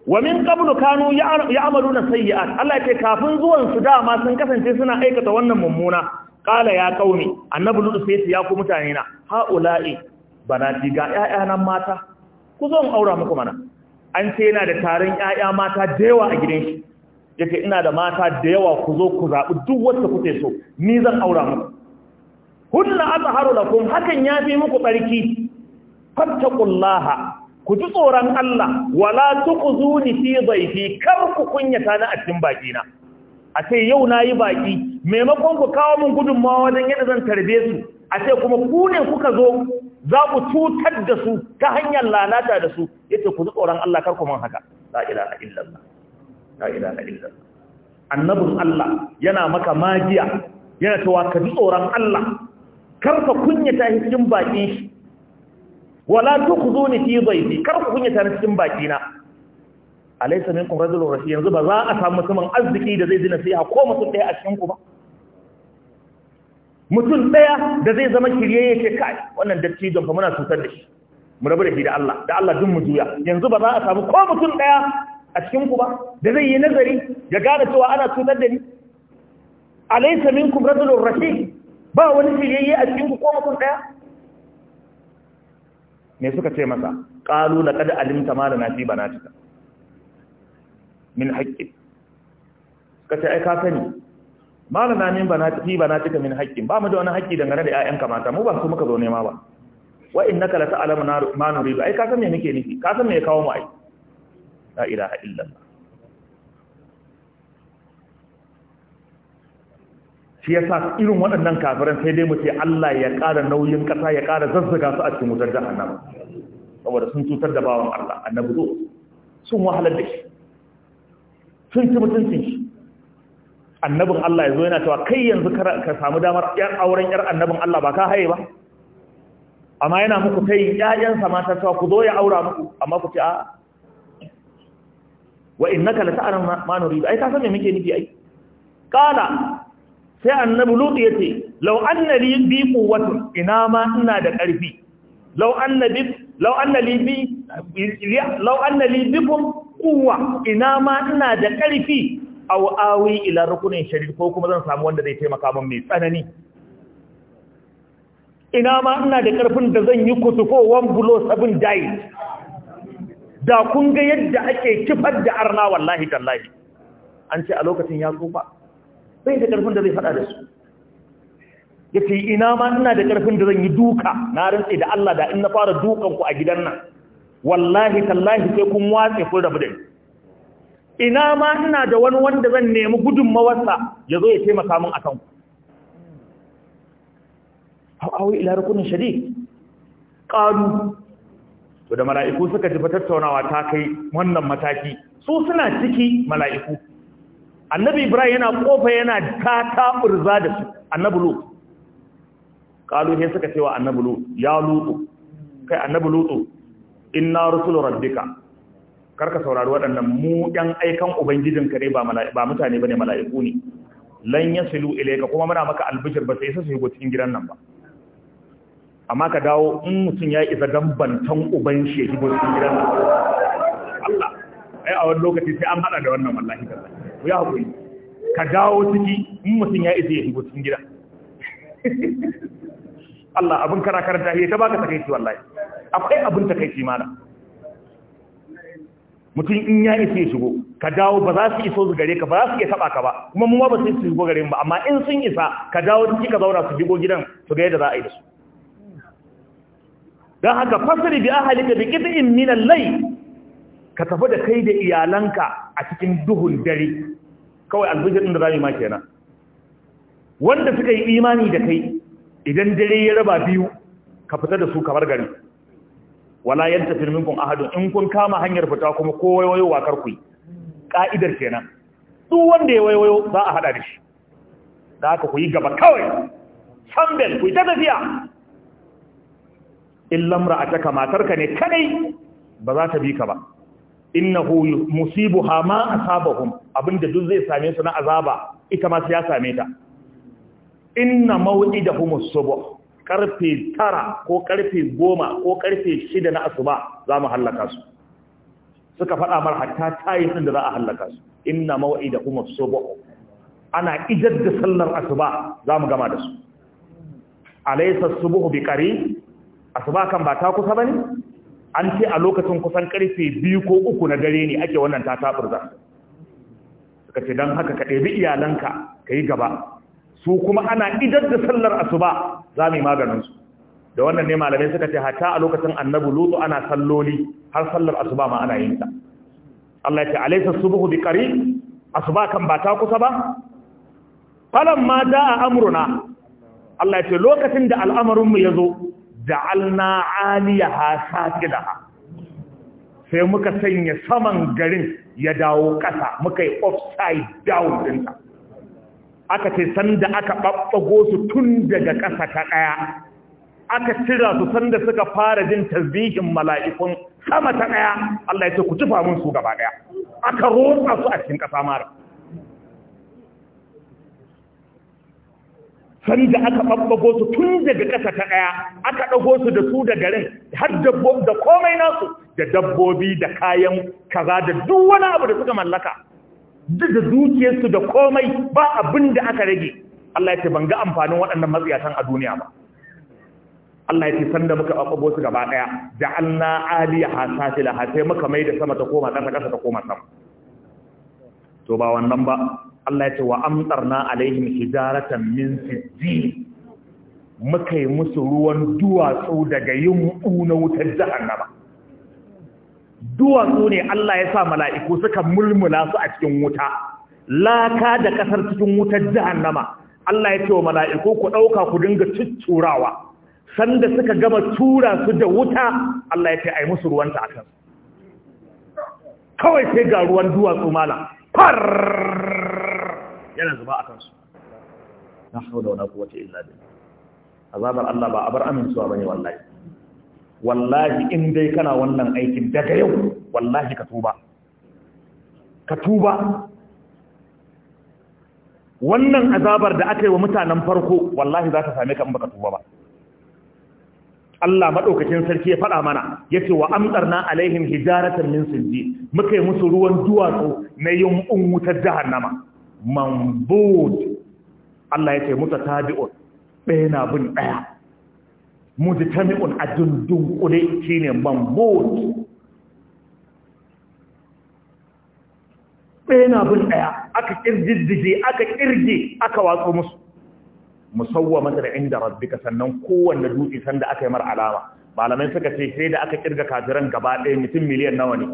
wa min qablu kanu ya'maluna sayyi'at Allah ce kafin zuwan su dama sun kasance suna aikata wannan mummuna qala ya qaumi annabi lutu sai ya ku mutane na haula'i banati ga ƴaƴanan mata ku zo mu aura muku mana an ce yana da tarin ƴaƴa mata da yawa a gidan shi yace ina da mata da yawa ku zo ku zaɓi duk wacce kuke so ni zan aura muku hunna azharu lakum hakan yafi muku tsarki fattaqullaha ku ji tsoron Allah wala tuqzuni fi dhayfi kar ku kunyata na a cikin baki na a ce yau na yi baki maimakon ku kawo min gudunmawa wajen yadda zan tarbe su a ce kuma ku ne kuka zo za ku cutar da su ta hanyar lalata da su yace ku ji tsoron Allah kar ku man haka la ilaha illallah la ilaha illallah Allah yana maka magiya yana cewa ka ji tsoron Allah kar ka kunyata cikin baki wala tukhzuni fi dhayfi kar ku kunyata ni cikin baki na alaysa minkum rajulun rashid yanzu ba za a samu mutumin arziki da zai ji siya ko mutum daya a cikin ku ba mutum daya da zai zama kirye yake kai wannan don fa muna tutar da shi mu rabu da shi da Allah da Allah duk mu juya yanzu ba za a samu ko mutum daya a cikin ku ba da zai yi nazari ya gane cewa ana tutar da ni alaysa minkum rajulun rashid ba wani kirye a cikin ku ko mutum daya me suka ce masa qalu laqad alimta ma lana fi banatika min haqqi suka ce ai ka sani ma lana min banati banatika min haqqi ba mu da wani haƙƙi dangane da ƴaƴanka mata mu ba su muka zo nema ba wa innaka la ta'lamu ma nuridu ai ka san me nake nufi ka san me ya kawo mu ai la ilaha illallah shi yasa irin waɗannan kafiran sai dai mu ce Allah ya ƙara nauyin ƙasa ya ƙara zazzaga su a cikin wutar jahannama saboda sun cutar da bawan Allah annabi zo sun wahalar da shi sun ci mutuncin shi annabin Allah ya zo yana cewa kai yanzu ka samu damar yar auren yar annabin Allah ba ka haye ba amma yana muku kai sa mata cewa ku zo ya aura muku amma ku ce a? wa innaka la ta'lamu ma nuridu ai ka san me muke nufi ai qala sai annabi lutu ya ce lau anna li bi quwwatun ina ma ina da ƙarfi lau anna bi lau anna li bi anna li quwwa ina ma ina da ƙarfi aw awi ila rukunin shari'a ko kuma zan samu wanda zai taimaka min mai tsanani ina ma ina da ƙarfin da zan yi wan bulo sabin dayi da kun ga yadda ake kifar da arna wallahi tallahi an ce a lokacin ya tsufa sai da ƙarfin da zai faɗa da su ya ce ina ma ina da ƙarfin da zan yi duka na rantse da Allah da in na fara dukan a gidan nan wallahi tallahi sai kun watse kun rabu da ina ma ina da wani wanda zan nemi gudunmawarsa ya zo ya taimaka min akan ku hau'awi ila rukunin shari ƙaru to da mala'iku suka tafi tattaunawa ta kai wannan mataki su suna ciki mala'iku annabi ibrahim yana kofa yana ta ta burza da su annabi lutu kalu sai suka cewa annabi lutu ya lutu kai annabi lutu inna rusulu rabbika karka saurari waɗannan mu ɗan aikan ubangijinka ne ba mutane ba ne mala'iku ne lan yasilu ilayka kuma muna maka albishir ba sai sai shigo cikin gidan nan ba amma ka dawo in mutum ya isa gambantan uban shi ya shigo cikin gidan nan Allah ai a wani lokaci sai an hada da wannan wallahi tallahi ya haƙuri ka dawo ciki in mutum ya isa ya shigo cikin gida Allah abin kana karanta ya ta baka takaici wallahi akwai abin takaici mana mutum in ya isa ya shigo ka dawo ba za su iso su gare ka ba za su iya taba ka ba kuma mu ba su su shigo gare mu ba amma in sun isa ka dawo ciki ka zauna su shigo gidan su ga yadda za a yi da su don haka fasari bi ka bi qit'in min al-layl ka tafi da kai da iyalanka a cikin duhun dare kawai albishir ɗin da za mu ma kenan wanda suka yi imani da kai idan dare ya raba biyu ka fita da su kamar gari wala yanta firmin kun ahadun in kun kama hanyar fita kuma ko wayo wakar ku ka'idar kenan duk wanda ya wayo za a hada da shi da haka ku yi gaba kawai sambel ku yi ta tafiya in lamra a taka matarka ne kadai ba za ta bi ka ba innahu musibuha ma asabahum abinda duk zai same su na azaba ita ma ya same ta inna maw'idahum as-subh karfe 9 ko karfe 10 ko karfe 6 na asuba za mu halaka su suka faɗa mar hatta tayi din da za a halaka su inna maw'idahum as-subh ana idar da sallar asuba za mu gama da su alaysa as-subh biqari asuba kan ba ta kusa bane an ce a lokacin kusan karfe biyu ko uku na dare ne ake wannan ta taɓurza suka ce don haka ka ɗebi iyalanka ka yi gaba su kuma ana idar da sallar asuba za mu yi maganinsu da wannan ne malamai suka ce hata a lokacin annabi lutu ana salloli har sallar asuba ma ana yin ta Allah ya ce alaysa subhu bi qarib asuba kan ba ta kusa ba falan ma a amruna Allah ya ce lokacin da al'amarinmu ya zo. ja'alna aliyaha sakidaha sai muka sanya saman garin ya dawo ƙasa muka yi offside down ɗinta aka ce sanda aka babbago su tun daga ƙasa ta kaya aka cira su sanda suka fara jin tazbihin mala'ikun sama ta ɗaya Allah ya ce ku tufa mun su gaba ɗaya aka rotsa su a cikin ƙasa mara sanda aka babbago su tun daga ƙasa ta ɗaya aka ɗago su da su da garin har da komai nasu da dabbobi da kayan kaza da duk wani abu da suka mallaka duk da dukiyarsu da komai ba abin da aka rage Allah ya ce ban ga amfanin waɗannan matsiyatan a duniya ba Allah ya ce sanda muka babbago su gaba ɗaya da Allah Safila, ha sai muka mai da sama ta koma ƙasa ƙasa ta koma sama to ba wannan ba Allah ya ce wa amtarna alaihim hijaratan min sijji muka yi musu ruwan duwatsu daga yunku na wutar jahannama duwatsu ne Allah ya sa mala'iku suka mulmula su a cikin wuta laka da kasar cikin wutar jahannama Allah ya ce wa mala'iku ku ɗauka ku dinga cutturawa sanda suka gama tura su da wuta Allah ya ce ai musu ruwan ta akan kawai sai ga ruwan duwatsu malam far yana zuba a kansu na haula wala quwwata illa billah azabar Allah ba a abar amincewa bane wallahi wallahi in dai kana wannan aikin daga yau wallahi ka tuba ka tuba wannan azabar da aka yi wa mutanen farko wallahi za ta same ka in baka tuba ba Allah madaukakin sarki ya faɗa mana ya ce wa amtarna alaihim hijaratan min sijji muka yi musu ruwan duwatsu na yunqun wutar jahannama mambud Allah ya ce muta tabi'un ɗaya na bin ɗaya mujtami'un a dundun shine mambud ɗaya na bin ɗaya aka ƙirjijjige aka ƙirge aka watso musu musawwa da inda rabbika sannan kowanne dutse sanda aka yi mar alama malamai suka ce sai da aka ƙirga kafiran gaba ɗaya mutum miliyan nawa ne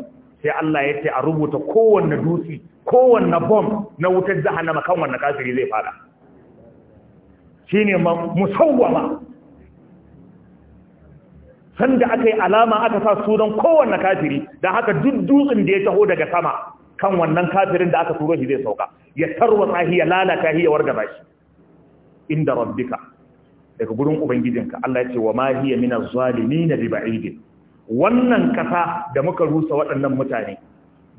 sai Allah ya ce a rubuta kowanne dusi kowanne bom na wutar jahannama kan wannan kafiri zai fara shine musawwama sanda aka yi alama aka sa sunan kowanne kafiri da haka duk dutsen da ya taho daga sama kan wannan kafirin da aka turo shi zai sauka ya tarwatsa shi ya lalata shi ya shi inda rabbika daga gurin ubangijinka Allah ya ce wa ma hiya min az-zalimin bi ba'idin wannan kasa da muka rusa waɗannan mutane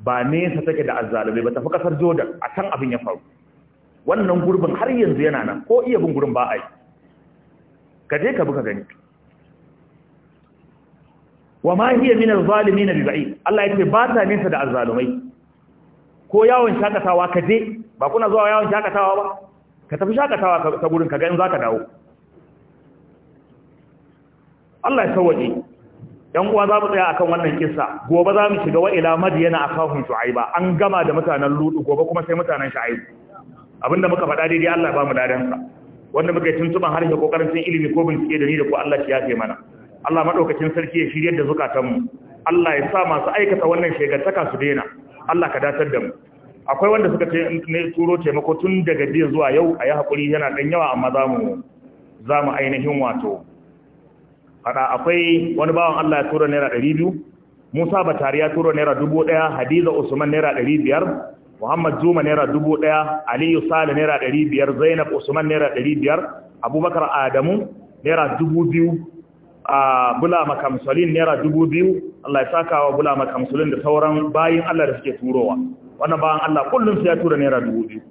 ba nesa take da azzalumai ba tafi kasar Jordan a can abin ya faru wannan gurbin har yanzu yana nan ko iya bin gurbin ba a yi ka je ka buka gani wa ma hiya min az-zalimin bi Allah yake ba ta nesa da azzalumai ko yawon shakatawa ka je ba kuna zuwa yawon shakatawa ba ka tafi shakatawa ka gurin ka ga in zaka dawo Allah ya sauwaje yan uwa za mu tsaya akan wannan kissa gobe za mu shiga wa ila madiyana akahum shu'aiba an gama da mutanen ludu gobe kuma sai mutanen shu'aib abinda muka faɗa daidai Allah ba mu ladan sa wanda muka yi tuntuban har da kokarin sun ilimi ko bincike da ni da ko Allah ya yafe mana Allah madaukakin sarki ya shiryar da mu Allah ya sa masu aikata wannan shegartaka su daina Allah ka datar da mu akwai wanda suka ce ne turo taimako tun daga jiya zuwa yau a yi haƙuri yana ɗan yawa amma za mu ainihin wato fada akwai wani bawan Allah ya tura naira 200 Musa Batari ya tura naira 1000 Hadiza Usman naira 500 Muhammad Zuma naira 1000 Aliyu Sale naira 500 Zainab Usman naira 500 Abubakar Adamu naira 2000 a bula makamsulin naira dubu biyu Allah ya saka wa bula makamsulin da sauran bayin Allah da suke turowa wannan bayan Allah kullum su ya tura naira dubu biyu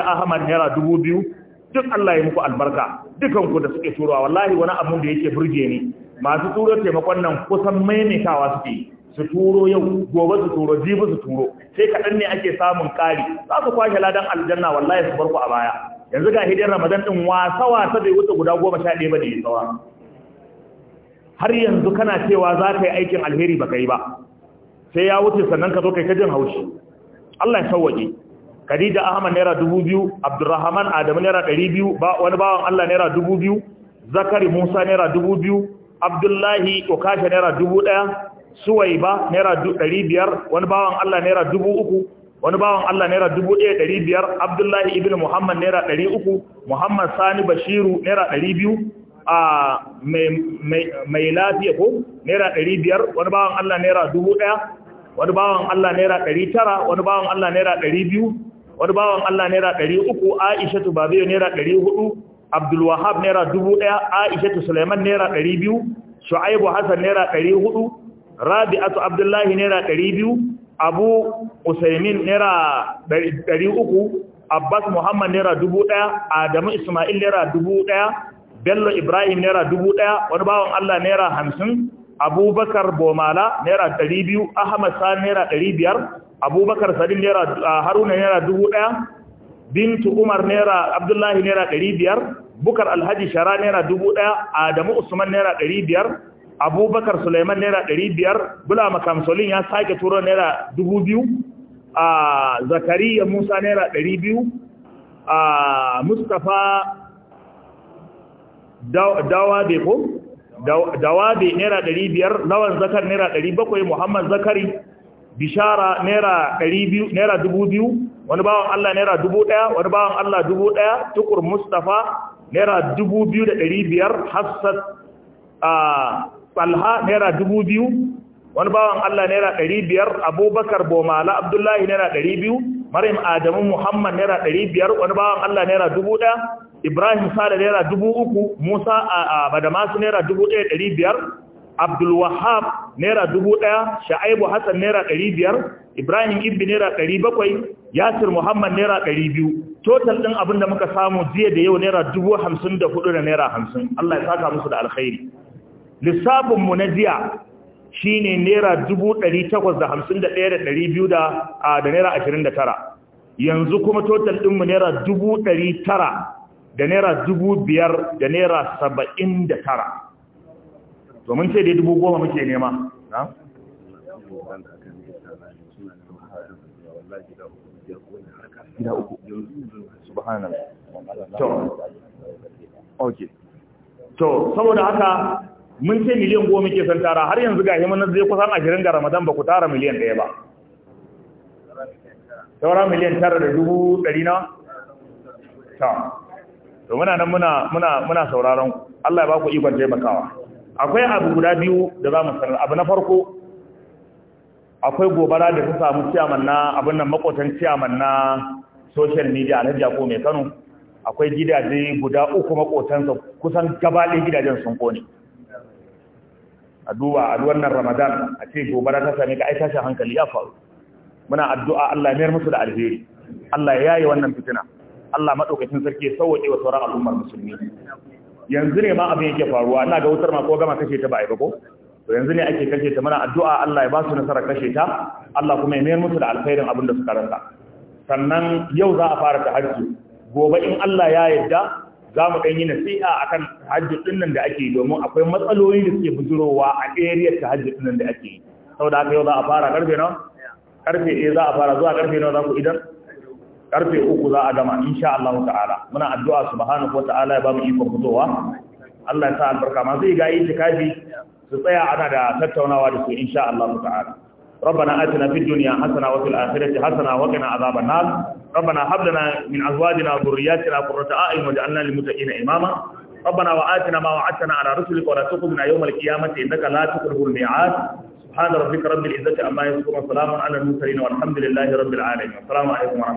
ahmad naira dubu biyu duk Allah ya muku albarka dukan ku da suke turowa wallahi wani abun da yake burge ni masu turo taimakon nan kusan maimaitawa suke su turo yau gobe su turo jibi su turo sai kaɗan ne ake samun ƙari za su kwashe ladan aljanna wallahi su barku a baya yanzu ga hidin ramadan din wasa wasa bai wuce guda goma sha ɗaya ba da ya tsawa har yanzu kana cewa za ka yi aikin alheri ba ka yi ba sai ya wuce sannan ka zo kai ka jin haushi Allah ya sauwaje Khadija Ahmad naira biyu, Abdurrahman Adamu naira biyu, wani bawan Allah naira biyu, Zakari Musa naira biyu, Abdullahi Okasha naira ɗaya, Suwaiba naira biyar, wani bawan Allah naira uku, wani bawan Allah naira biyar, Abdullahi ibn Muhammad naira uku, Muhammad Sani Bashiru naira biyu, a mai lafiya ko naira biyar, wani bawan Allah naira ɗaya, wani bawan Allah naira tara, wani bawan Allah naira biyu. wani bawan Allah naira ɗari uku aishatu babiyo naira ɗari abdulwahab naira dubu ɗaya aishatu suleiman naira ɗari biyu shu'aibu hassan naira ɗari rabi'atu abdullahi naira ɗari biyu abu usaimin naira ɗari uku abbas muhammad naira dubu ɗaya adamu ismail naira dubu ɗaya bello ibrahim naira dubu ɗaya wani bawan allah naira hamsin abubakar bomala naira ɗari biyu ahmad sa naira ɗari biyar abubakar sadin naira haruna naira dubu daya. bintu umar naira abdullahi naira ɗari biyar bukar alhaji shara naira dubu daya. adamu usman naira ɗari biyar abubakar suleiman naira ɗari biyar bula makamsolin ya sake turo naira dubu biyu a zakariya musa naira ɗari biyu a mustapha dawa beko dawa naira ɗari biyar lawan zakar naira ɗari bakwai muhammad zakari bishara naira dubu biyu, 2000 wani bawan Allah naira 1000 wani bawan Allah 1000 tukur mustafa naira biyar. hafsat falha naira biyu, wani bawan Allah naira biyar. abubakar bomala abdullahi naira 200 maryam adamu muhammad naira biyar. wani bawan Allah naira 1000 ibrahim sale naira uku. musa a badamasu naira biyar. abdul wahab naira dubu ɗaya sha'aibu hassan naira ɗari biyar ibrahim ibbi naira ɗari bakwai yasir muhammad naira ɗari biyu total ɗin abin da muka samu jiya da yau naira dubu hamsin da hudu da naira hamsin allah ya saka musu da alkhairi lissafinmu na jiya shi ne naira dubu ɗari takwas da hamsin da ɗaya da ɗari biyu da naira ashirin da tara yanzu kuma total ɗinmu naira dubu ɗari tara da naira dubu biyar da naira saba'in da tara to mun ce dai dubu goma muke nema na? gida uku subhanallah to okay to saboda haka mun ce miliyan goma ke san tara har yanzu ga himanin zai kusan ashirin ga ramadan ba ku tara miliyan ɗaya ba saura miliyan tara da dubu ɗari na ta to muna nan muna muna sauraron Allah ya ba ku ikon taimakawa akwai abu guda biyu da za mu sanar abu na farko akwai gobara da ta samu ciyaman na abin nan makotan ciyaman na social media alhaji ko mai kano akwai gidaje guda uku makotansa kusan gabaɗe gidajen sun kone a a wannan ramadan a ce gobara ta same ka ai tashin hankali ya faru muna addu'a Allah ya musu da alheri Allah ya yi wannan fitina Allah madaukakin sarki ya sauke wa sauran al'ummar musulmi yanzu ne ma abin yake faruwa ina ga wutar ma ko gama kashe ta ba ba ko to yanzu ne ake kashe ta mana addu'a Allah ya ba su nasara kashe ta Allah kuma ya mayar musu da alkhairin abin da suka rasa sannan yau za a fara ta hajji, gobe in Allah ya yarda za mu ɗan yi nasiha akan hajji din nan da ake yi domin akwai matsaloli da suke bujurowa a area hajji din nan da ake yi saboda haka yau za a fara karfe nawa karfe ɗaya eh, za a fara zuwa karfe nawa za ku idan karfe uku za a gama insha Allah ta'ala muna addu'a subhanahu wata'ala ya ba mu ikon fitowa Allah ya sa albarka ma zai ga yin tikafi su tsaya ana da tattaunawa da su insha Allah ta'ala rabbana atina fid dunya hasana wa fil akhirati hasana wa qina adhaban nar rabbana hab lana min azwajina wa dhurriyyatina qurrata a'yun waj'alna lil muttaqina imama rabbana wa atina ma wa'adtana ala rusulika wa la tuqina yawmal qiyamati innaka la tukhlifu al-mi'ad سبحان ربك رب العزة عما يصفون وسلام على المرسلين والحمد لله رب العالمين السلام عليكم ورحمة